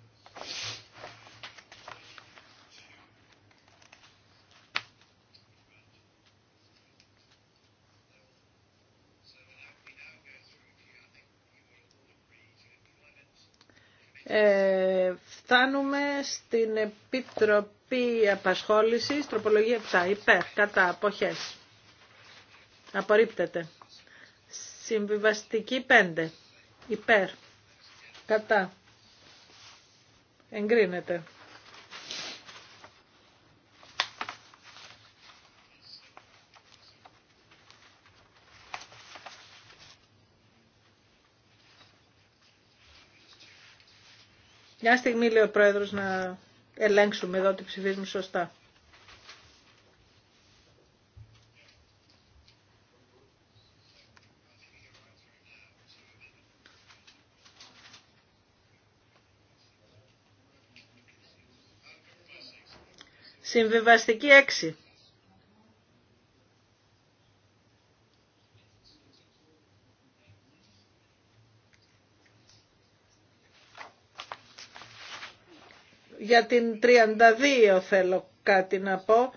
την Επιτροπή Απασχόλησης, τροπολογία 7, υπέρ, κατά, αποχές. Απορρίπτεται. Συμβιβαστική 5, υπέρ, κατά, εγκρίνεται. Μια στιγμή λέει ο Πρόεδρος να ελέγξουμε εδώ ότι ψηφίζουμε σωστά. Συμβιβαστική 6. για την 32 θέλω κάτι να πω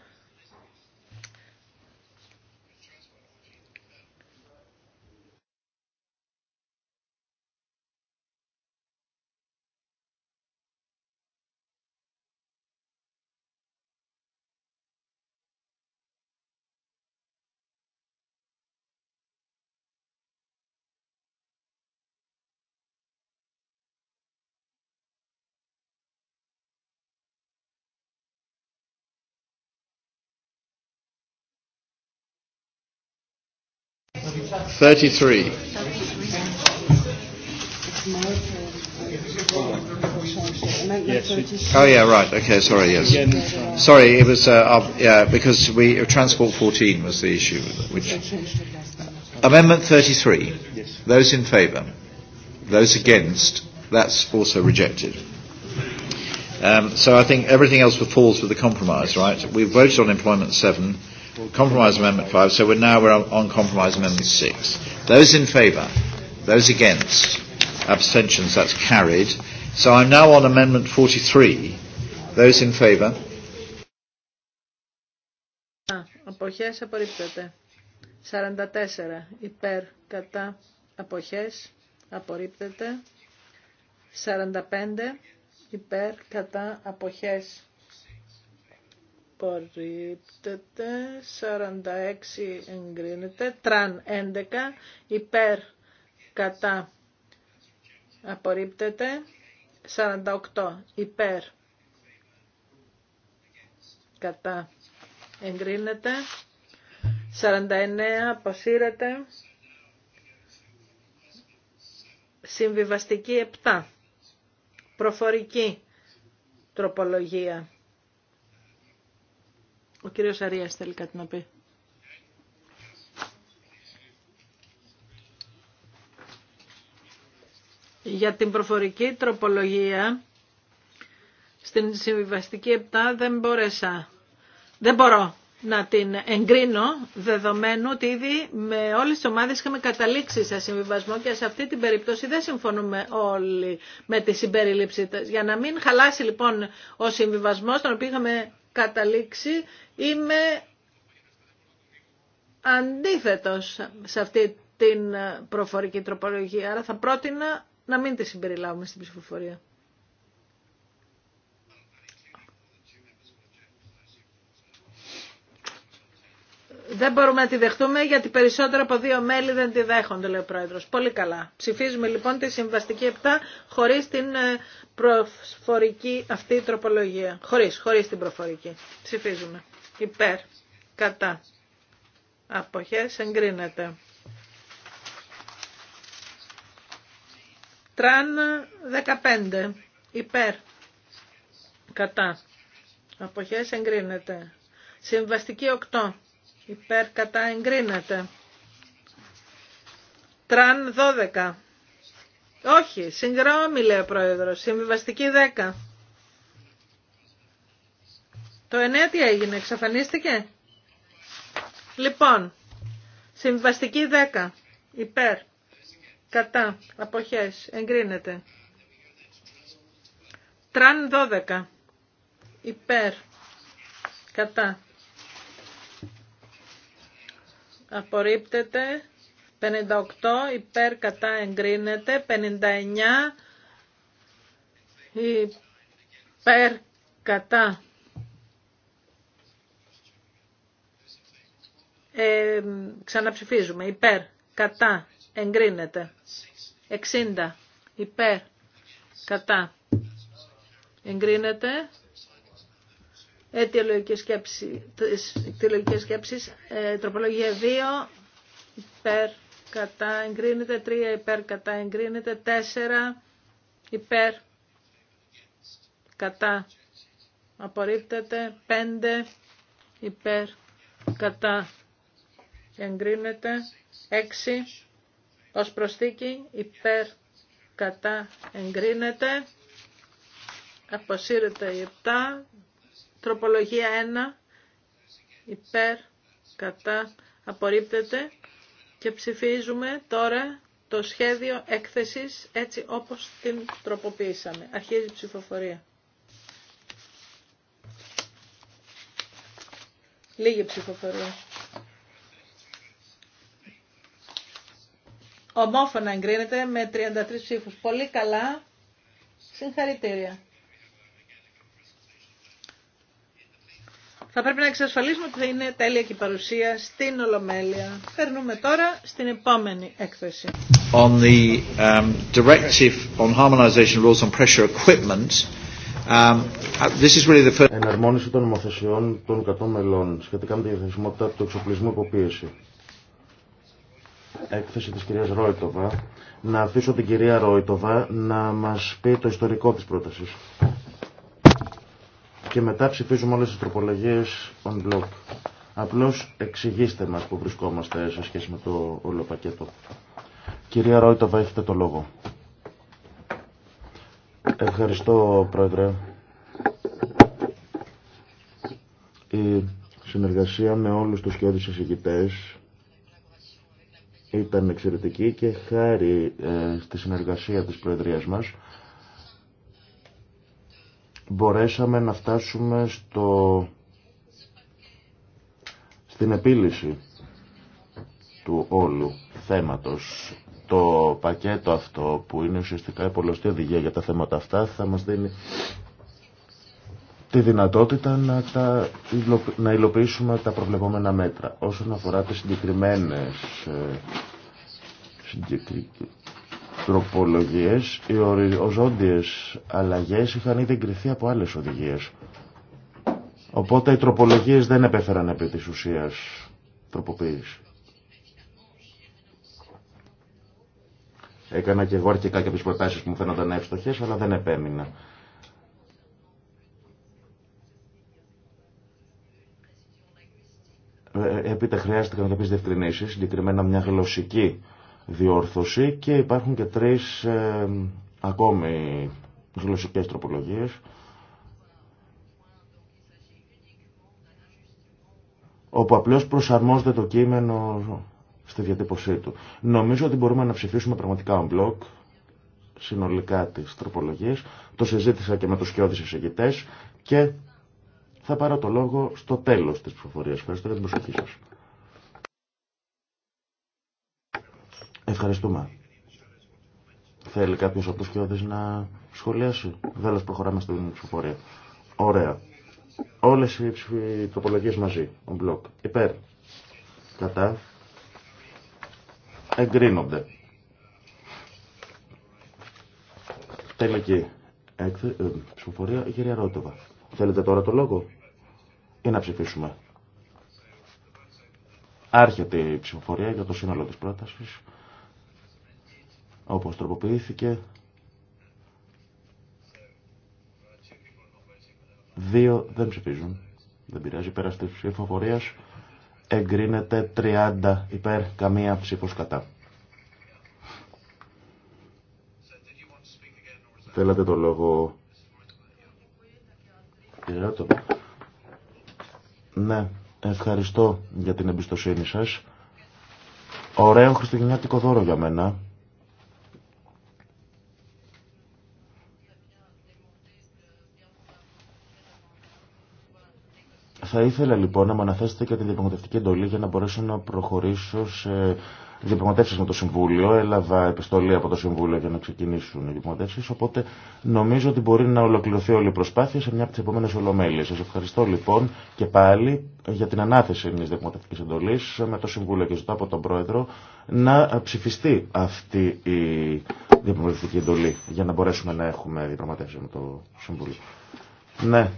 33. Oh yeah, right. Okay, sorry. Yes, sorry. It was uh, yeah, because we transport 14 was the issue, which amendment 33. Those in favour, those against. That's also rejected. Um, so I think everything else falls with the compromise, right? We voted on employment 7. Compromise Amendment 5. So we're now we're on, on Compromise Amendment 6. Those in favour? Those against? Abstentions? That's carried. So I'm now on Amendment 43. Those in favour? Αποχές απορρίπτεται. 44. Υπέρ, κατά, αποχές, απορρίπτεται. 45. Υπέρ, κατά, αποχές, απορρίπτεται, 46 εγκρίνεται, τραν 11, υπέρ κατά απορρίπτεται, 48 υπέρ κατά εγκρίνεται, 49 αποσύρεται, συμβιβαστική 7, προφορική τροπολογία ο κύριος Αρίας θέλει κάτι να πει. Για την προφορική τροπολογία στην συμβιβαστική 7 δεν μπόρεσα. Δεν μπορώ να την εγκρίνω δεδομένου ότι ήδη με όλες τις ομάδες είχαμε καταλήξει σε συμβιβασμό και σε αυτή την περίπτωση δεν συμφωνούμε όλοι με τη συμπερίληψη. Για να μην χαλάσει λοιπόν ο συμβιβασμός τον οποίο είχαμε καταλήξει είμαι αντίθετος σε αυτή την προφορική τροπολογία, άρα θα πρότεινα να μην τη συμπεριλάβουμε στην ψηφοφορία. Δεν μπορούμε να τη δεχτούμε γιατί περισσότερο από δύο μέλη δεν τη δέχονται, λέει ο πρόεδρο. Πολύ καλά. Ψηφίζουμε λοιπόν τη συμβαστική 7 χωρίς την ε, προφορική αυτή τροπολογία. Χωρίς, χωρίς την προφορική. Ψηφίζουμε. Υπέρ. Κατά. Αποχέ εγκρίνεται. Τραν 15. Υπέρ. Κατά. Αποχές εγκρίνεται. Συμβαστική 8. Υπέρ κατά εγκρίνεται. Τραν 12. Όχι, συγγνώμη λέει ο πρόεδρος. Συμβιβαστική 10. Το 9 τι έγινε, εξαφανίστηκε. Λοιπόν, Συμβιβαστική 10. Υπέρ. Κατά. Αποχές. Εγκρίνεται. Τραν 12. Υπέρ. Κατά απορρίπτεται, 58 υπέρ κατά εγκρίνεται, 59 υπέρ κατά ε, ξαναψηφίζουμε υπέρ κατά εγκρίνεται 60 υπέρ κατά εγκρίνεται αιτιολογική σκέψη, ε, τροπολογία 2 υπέρ κατά εγκρίνεται, 3 υπέρ κατά εγκρίνεται, 4 υπέρ κατά απορρίπτεται, 5 υπέρ κατά εγκρίνεται, 6 ως προσθήκη υπέρ κατά εγκρίνεται, αποσύρεται η 7 Τροπολογία 1 υπέρ κατά απορρίπτεται και ψηφίζουμε τώρα το σχέδιο έκθεσης έτσι όπως την τροποποίησαμε. Αρχίζει η ψηφοφορία. Λίγη ψηφοφορία. Ομόφωνα εγκρίνεται με 33 ψήφους. Πολύ καλά. Συγχαρητήρια. θα πρέπει να εξασφαλίσουμε ότι θα είναι τέλεια και η παρουσία στην Ολομέλεια. Περνούμε τώρα στην επόμενη έκθεση. On the um, directive on rules on pressure equipment, um, uh, this is really the Εναρμόνιση των νομοθεσιών των 100 μελών σχετικά με τη διαθεσιμότητα του εξοπλισμού υποπίεση. Έκθεση της κυρίας Ρόιτοβα. Να αφήσω την κυρία Ρόιτοβα να μας πει το ιστορικό της πρότασης και μετά ψηφίζουμε όλες τις τροπολογίες on block. Απλώς εξηγήστε μας που βρισκόμαστε σε σχέση με το όλο πακέτο. Κυρία Ρόιτοβα, έχετε το λόγο. Ευχαριστώ, Πρόεδρε. Η συνεργασία με όλους τους σχέδιους εισηγητές ήταν εξαιρετική και χάρη ε, στη συνεργασία της Προεδρίας μας μπορέσαμε να φτάσουμε στο, στην επίλυση του όλου θέματος. Το πακέτο αυτό που είναι ουσιαστικά η πολλωστή οδηγία για τα θέματα αυτά θα μας δίνει τη δυνατότητα να, τα, να υλοποιήσουμε τα προβλεπόμενα μέτρα. Όσον αφορά τις συγκεκριμένες ε, τροπολογίες, οι οριζόντιες αλλαγές είχαν ήδη εγκριθεί από άλλες οδηγίες. Οπότε οι τροπολογίες δεν επέφεραν επί της ουσίας τροποποίηση. Έκανα και εγώ αρχικά κάποιες προτάσεις που μου φαίνονταν εύστοχες, αλλά δεν επέμεινα. Ε, ε, έπειτα χρειάστηκαν κάποιες διευκρινήσεις, συγκεκριμένα μια γλωσσική διόρθωση και υπάρχουν και τρεις ε, ακόμη γλωσσικές τροπολογίες όπου απλώς προσαρμόζεται το κείμενο στη διατύπωσή του. Νομίζω ότι μπορούμε να ψηφίσουμε πραγματικά on block συνολικά τις τροπολογίες. Το συζήτησα και με τους σκιώδεις εισηγητές και θα πάρω το λόγο στο τέλος της ψηφοφορίας. Ευχαριστώ για την προσοχή σας. Ευχαριστούμε. Θέλει κάποιος από τους κοιόδες να σχολιάσει. Βέλος προχωράμε στην ψηφοφορία. Ωραία. Όλες οι τοπολογίες μαζί. Ο μπλοκ. Υπέρ. Κατά. Εγκρίνονται. Τελική Έκθε... ε, ψηφοφορία η κυρία Ρότοβα. Θέλετε τώρα το λόγο ή να ψηφίσουμε. Άρχεται η ψηφοφορία για το σύνολο της πρότασης όπως τροποποιήθηκε δύο δεν ψηφίζουν δεν πειράζει πέρα τη ψηφοφορία εγκρίνεται 30 υπέρ καμία ψήφος κατά Θέλατε το λόγο ναι, ευχαριστώ για την εμπιστοσύνη σας. Ωραίο χριστουγεννιάτικο δώρο για μένα. Θα ήθελα λοιπόν να μου αναθέσετε και τη διαπραγματευτική εντολή για να μπορέσω να προχωρήσω σε διαπραγματεύσει με το Συμβούλιο. Έλαβα επιστολή από το Συμβούλιο για να ξεκινήσουν οι διαπραγματεύσει. Οπότε νομίζω ότι μπορεί να ολοκληρωθεί όλη η προσπάθεια σε μια από τι επόμενε ολομέλειε. Σα ευχαριστώ λοιπόν και πάλι για την ανάθεση μια διαπραγματευτική εντολή με το Συμβούλιο και ζητώ από τον Πρόεδρο να ψηφιστεί αυτή η διαπραγματευτική εντολή για να μπορέσουμε να έχουμε διαπραγματεύσει με το Συμβούλιο. Ναι,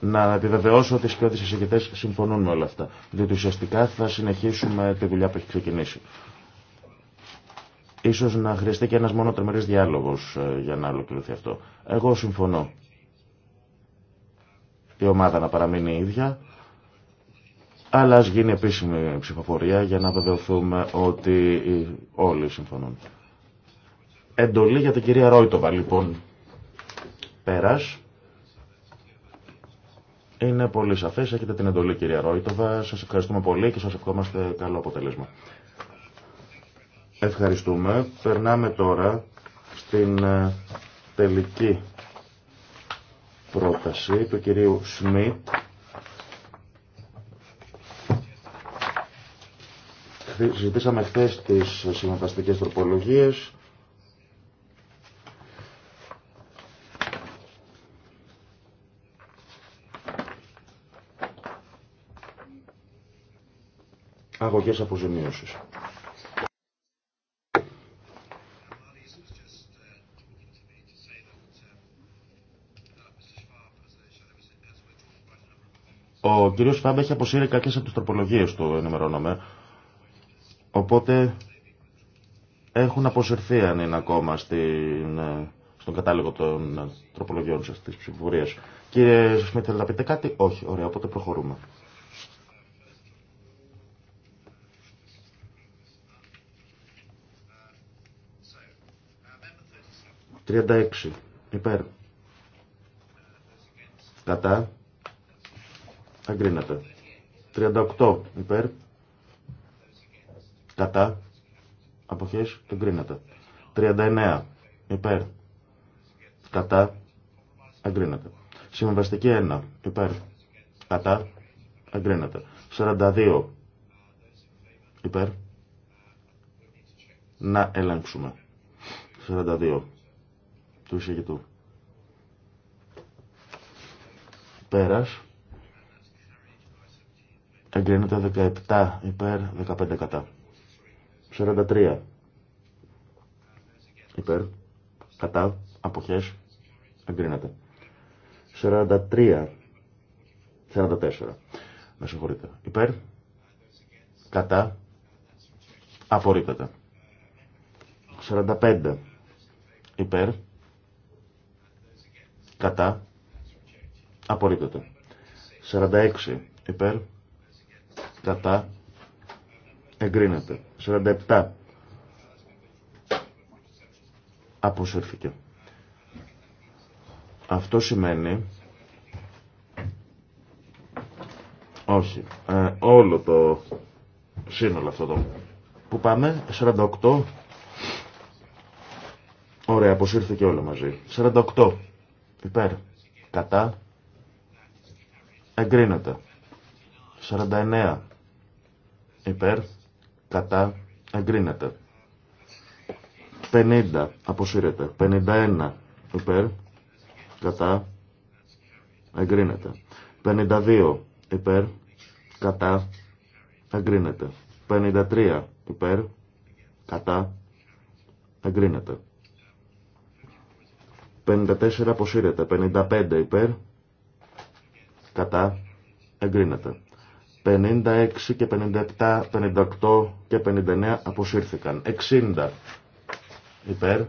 να επιβεβαιώσω ότι οι σκιώδεις εισηγητές συμφωνούν με όλα αυτά, διότι ουσιαστικά θα συνεχίσουμε τη δουλειά που έχει ξεκινήσει. Ίσως να χρειαστεί και ένας μόνο διάλογος ε, για να ολοκληρωθεί αυτό. Εγώ συμφωνώ. Η ομάδα να παραμείνει η ίδια, αλλά ας γίνει επίσημη ψηφοφορία για να βεβαιωθούμε ότι όλοι συμφωνούν. Εντολή για την κυρία Ρόιτοβα λοιπόν. Πέρας. Είναι πολύ σαφέ. Έχετε την εντολή, κυρία Ρόιτοβα. Σα ευχαριστούμε πολύ και σα ευχόμαστε καλό αποτέλεσμα. Ευχαριστούμε. Περνάμε τώρα στην ε, τελική πρόταση του κυρίου Σμιτ. Ζητήσαμε χθε τι συμβαστικέ τροπολογίε. αποζημίωσης. Ο κύριος Φάμπ έχει αποσύρει κάποιες από τις τροπολογίες του, ενημερώνομαι. Οπότε έχουν αποσυρθεί αν είναι ακόμα στην, ε, στον κατάλογο των ε, τροπολογιών σας της ψηφοφορίας. Κύριε Σμίτ, θέλετε να πείτε κάτι. Όχι, ωραία, οπότε προχωρούμε. 36 υπέρ κατά Αγκρίνεται. 38 υπέρ κατά αποχές εγκρίνεται 39 υπέρ κατά Αγκρίνεται. συμβαστική 1 υπέρ κατά Αγκρίνεται. 42 υπέρ να ελέγξουμε 42 του εισηγητού. Πέρας. Εγκρίνεται 17 υπέρ 15 κατά. 43 υπέρ κατά αποχές εγκρίνεται. 43 44 με συγχωρείτε. Υπέρ κατά απορρίπτεται. 45 υπέρ Κατά. Απορρίπτεται. 46 υπέρ. Κατά. Εγκρίνεται. 47. Αποσύρθηκε. Αυτό σημαίνει όχι, ε, όλο το σύνολο αυτό το που πάμε, 48 ωραία, αποσύρθηκε όλο μαζί 48 υπέρ, κατά, εγκρίνεται. 49 υπέρ, κατά, εγκρίνεται. 50 αποσύρεται. 51 υπέρ, κατά, εγκρίνεται. 52 υπέρ, κατά, εγκρίνεται. 53 υπέρ, κατά, εγκρίνεται. 54 αποσύρεται. 55 υπέρ. Κατά. Εγκρίνεται. 56 και 57, 58 και 59 αποσύρθηκαν. 60 υπέρ.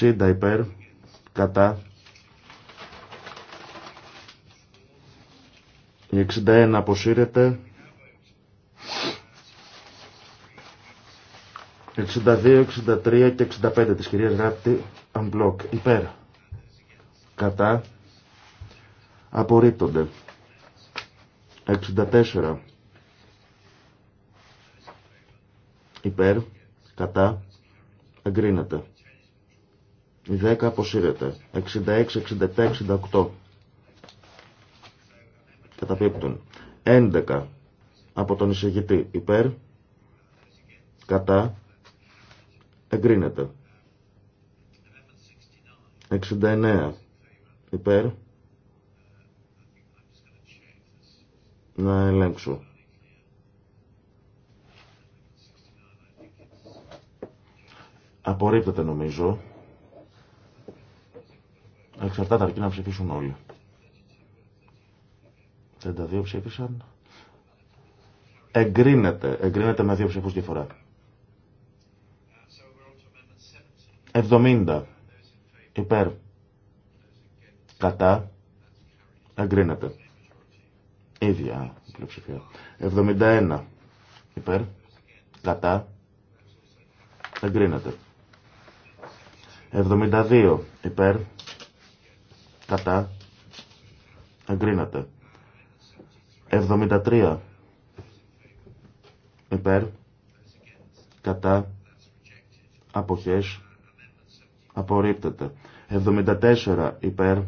60 υπέρ. Κατά. 61 αποσύρεται. 62, 63 και 65 της κυρίας Γράπτη unblock υπέρ κατά απορρίπτονται 64 υπέρ κατά εγκρίνεται 10 αποσύρεται 66, 67, 68 καταπίπτουν 11 από τον εισηγητή υπέρ κατά εγκρίνεται. 69 υπέρ να ελέγξω. Απορρίπτεται νομίζω. Εξαρτάται αρκεί να ψηφίσουν όλοι. 32 ψήφισαν. Εγκρίνεται. Εγκρίνεται με δύο ψήφους διαφορά. 70 υπέρ κατά εγκρίνεται. Ίδια πλειοψηφία. 71 υπέρ κατά εγκρίνεται. 72 υπέρ κατά εγκρίνεται. 73 υπέρ κατά αποχές απορρίπτεται. 74 υπέρ,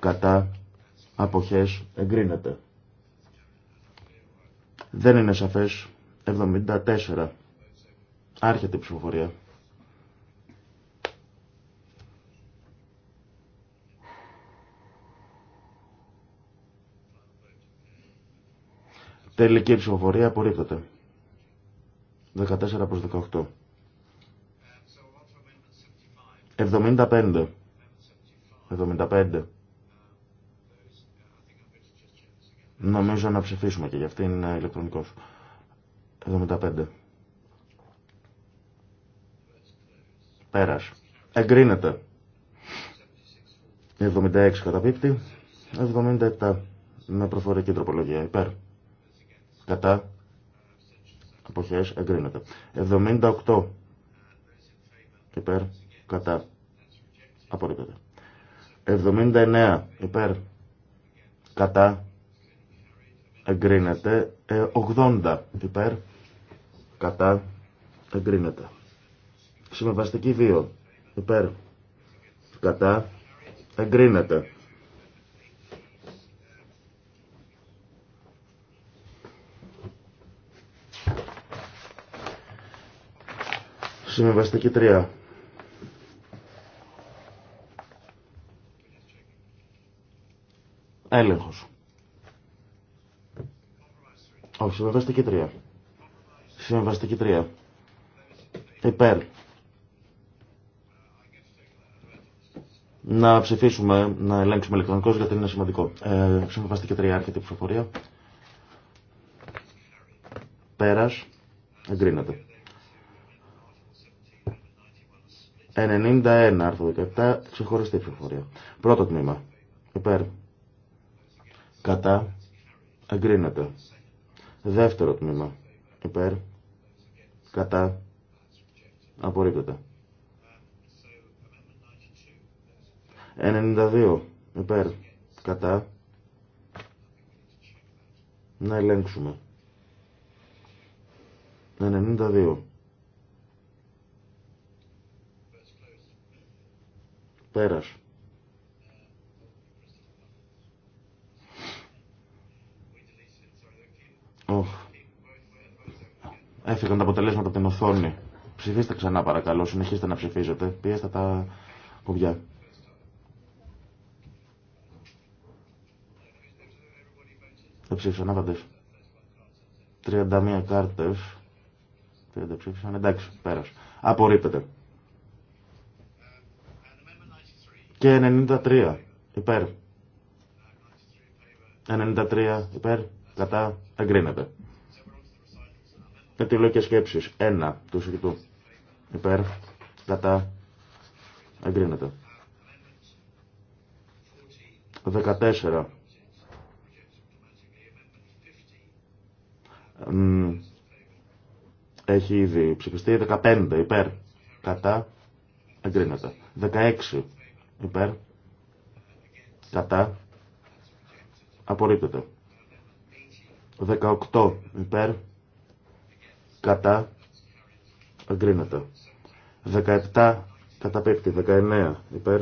κατά, αποχές, εγκρίνεται. Δεν είναι σαφές. 74. Άρχεται η ψηφοφορία. Τελική ψηφοφορία απορρίπτεται. 14 προς 18. 75. 75. Νομίζω να ψηφίσουμε και για αυτήν ε, ηλεκτρονικό. 75. Πέρας. Εγκρίνεται. 76 καταπίπτει. 77 με προφορική τροπολογία. Υπέρ. Κατά. Αποχές. Εγκρίνεται. 78. Υπέρ. Κατά. Απορρίπτεται. 79 υπέρ. Κατά. Εγκρίνεται. 80 ε, υπέρ. Κατά. Εγκρίνεται. Συμβαστική 2 υπέρ. Κατά. Εγκρίνεται. 3. Έλεγχο. Όχι, συμβαστική τρία. Συμβαστική τρία. Υπέρ. Να ψηφίσουμε, να ελέγξουμε ηλεκτρονικώς γιατί είναι σημαντικό. Ε, συμβαστική τρία, άρχεται η ψηφοφορία. Πέρα. Εγκρίνεται. 91 άρθρο 17, ξεχωριστή ψηφοφορία. Πρώτο τμήμα. Υπέρ. Κατά. Εγκρίνεται. Δεύτερο τμήμα. Υπέρ. Κατά. Απορρίπτεται. 92. Υπέρ. Κατά. Να ελέγξουμε. 92. πέρασε. Έφυγαν τα αποτελέσματα από την οθόνη. Ψηφίστε ξανά παρακαλώ, συνεχίστε να ψηφίζετε. Πιέστε τα κουμπιά. Δεν ψήφισαν άπαντες. 31 κάρτες. 30 ψήφισαν. Εντάξει, πέρας Απορρίπτεται. Και 93 υπέρ. 93 υπέρ. Κατά. Εγκρίνεται. Αιτιολογικέ σκέψει. 1 του συγκριτού. Υπέρ. Κατά. Εγκρίνεται. 14. Έχει ήδη ψηφιστεί 15 υπέρ, κατά, εγκρίνεται. 16 υπέρ, κατά, απορρίπτεται. 18 υπέρ κατά εγκρίνεται. 17 καταπίπτει. 19 υπέρ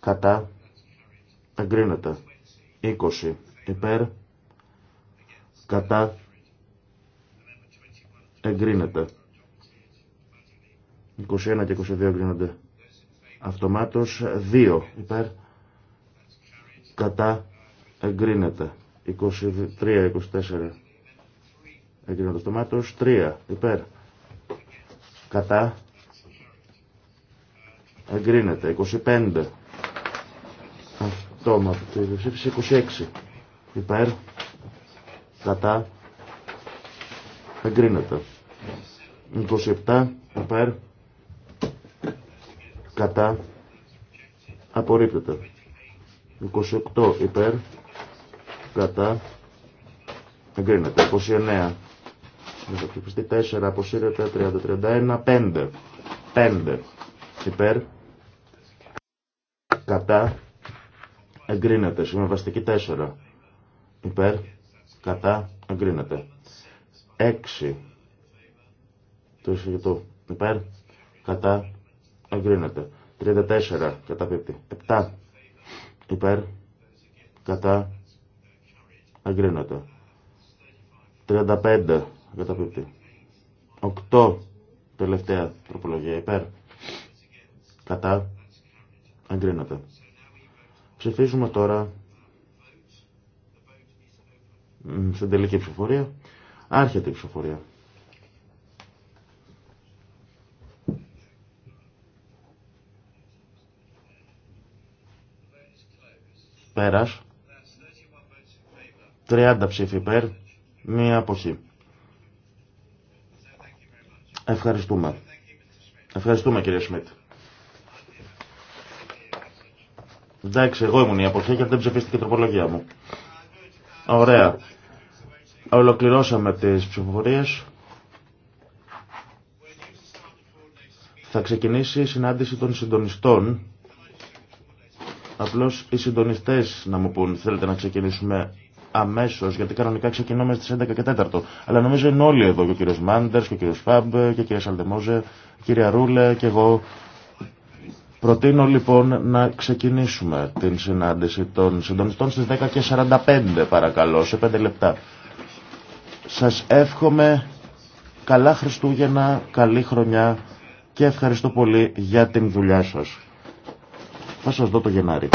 κατά εγκρίνεται. 20 υπέρ κατά εγκρίνεται. 21 και 22 εγκρίνονται. Αυτομάτως 2 υπέρ κατά εγκρίνεται. 23-24 εγκρίνεται μάτος 3 υπέρ κατά εγκρίνεται. 25 αυτόματο. 26 υπέρ κατά εγκρίνεται. 27 υπέρ κατά απορρίπτεται. 28 υπέρ κατά εγκρίνεται 29 ψηφιστή 4 αποσύρεται 30 31 5 5 υπέρ κατά εγκρίνεται συμβαστική 4 υπέρ κατά εγκρίνεται 6 το εισηγητό υπέρ κατά εγκρίνεται 34 κατά πίπτη 7 υπέρ κατά Αγκρίνεται. 35 καταπίπτει. 8 τελευταία τροπολογία υπέρ. Κατά. Αγκρίνεται. Ψηφίζουμε τώρα στην τελική ψηφοφορία. Άρχεται η ψηφοφορία. Πέρας. 30 ψήφοι υπέρ, μία αποχή. Ευχαριστούμε. Ευχαριστούμε κύριε Σμιτ. Εντάξει, εγώ ήμουν η αποχή και δεν ψηφίστηκε η τροπολογία μου. Ωραία. Ολοκληρώσαμε τις ψηφοφορίες. Θα ξεκινήσει η συνάντηση των συντονιστών. Απλώς οι συντονιστές να μου πούν θέλετε να ξεκινήσουμε αμέσω, γιατί κανονικά ξεκινούμε στι 11 και 4. Αλλά νομίζω είναι όλοι εδώ, και ο κύριο Μάντερ, και ο κύριο Φαμπ, και η κυρία Σαλδεμόζε, η κυρία Ρούλε, και εγώ. Προτείνω λοιπόν να ξεκινήσουμε την συνάντηση των συντονιστών στι 10 και 45 παρακαλώ, σε 5 λεπτά. Σας εύχομαι καλά Χριστούγεννα, καλή χρονιά και ευχαριστώ πολύ για την δουλειά σα. Θα σα δω το Γενάρη.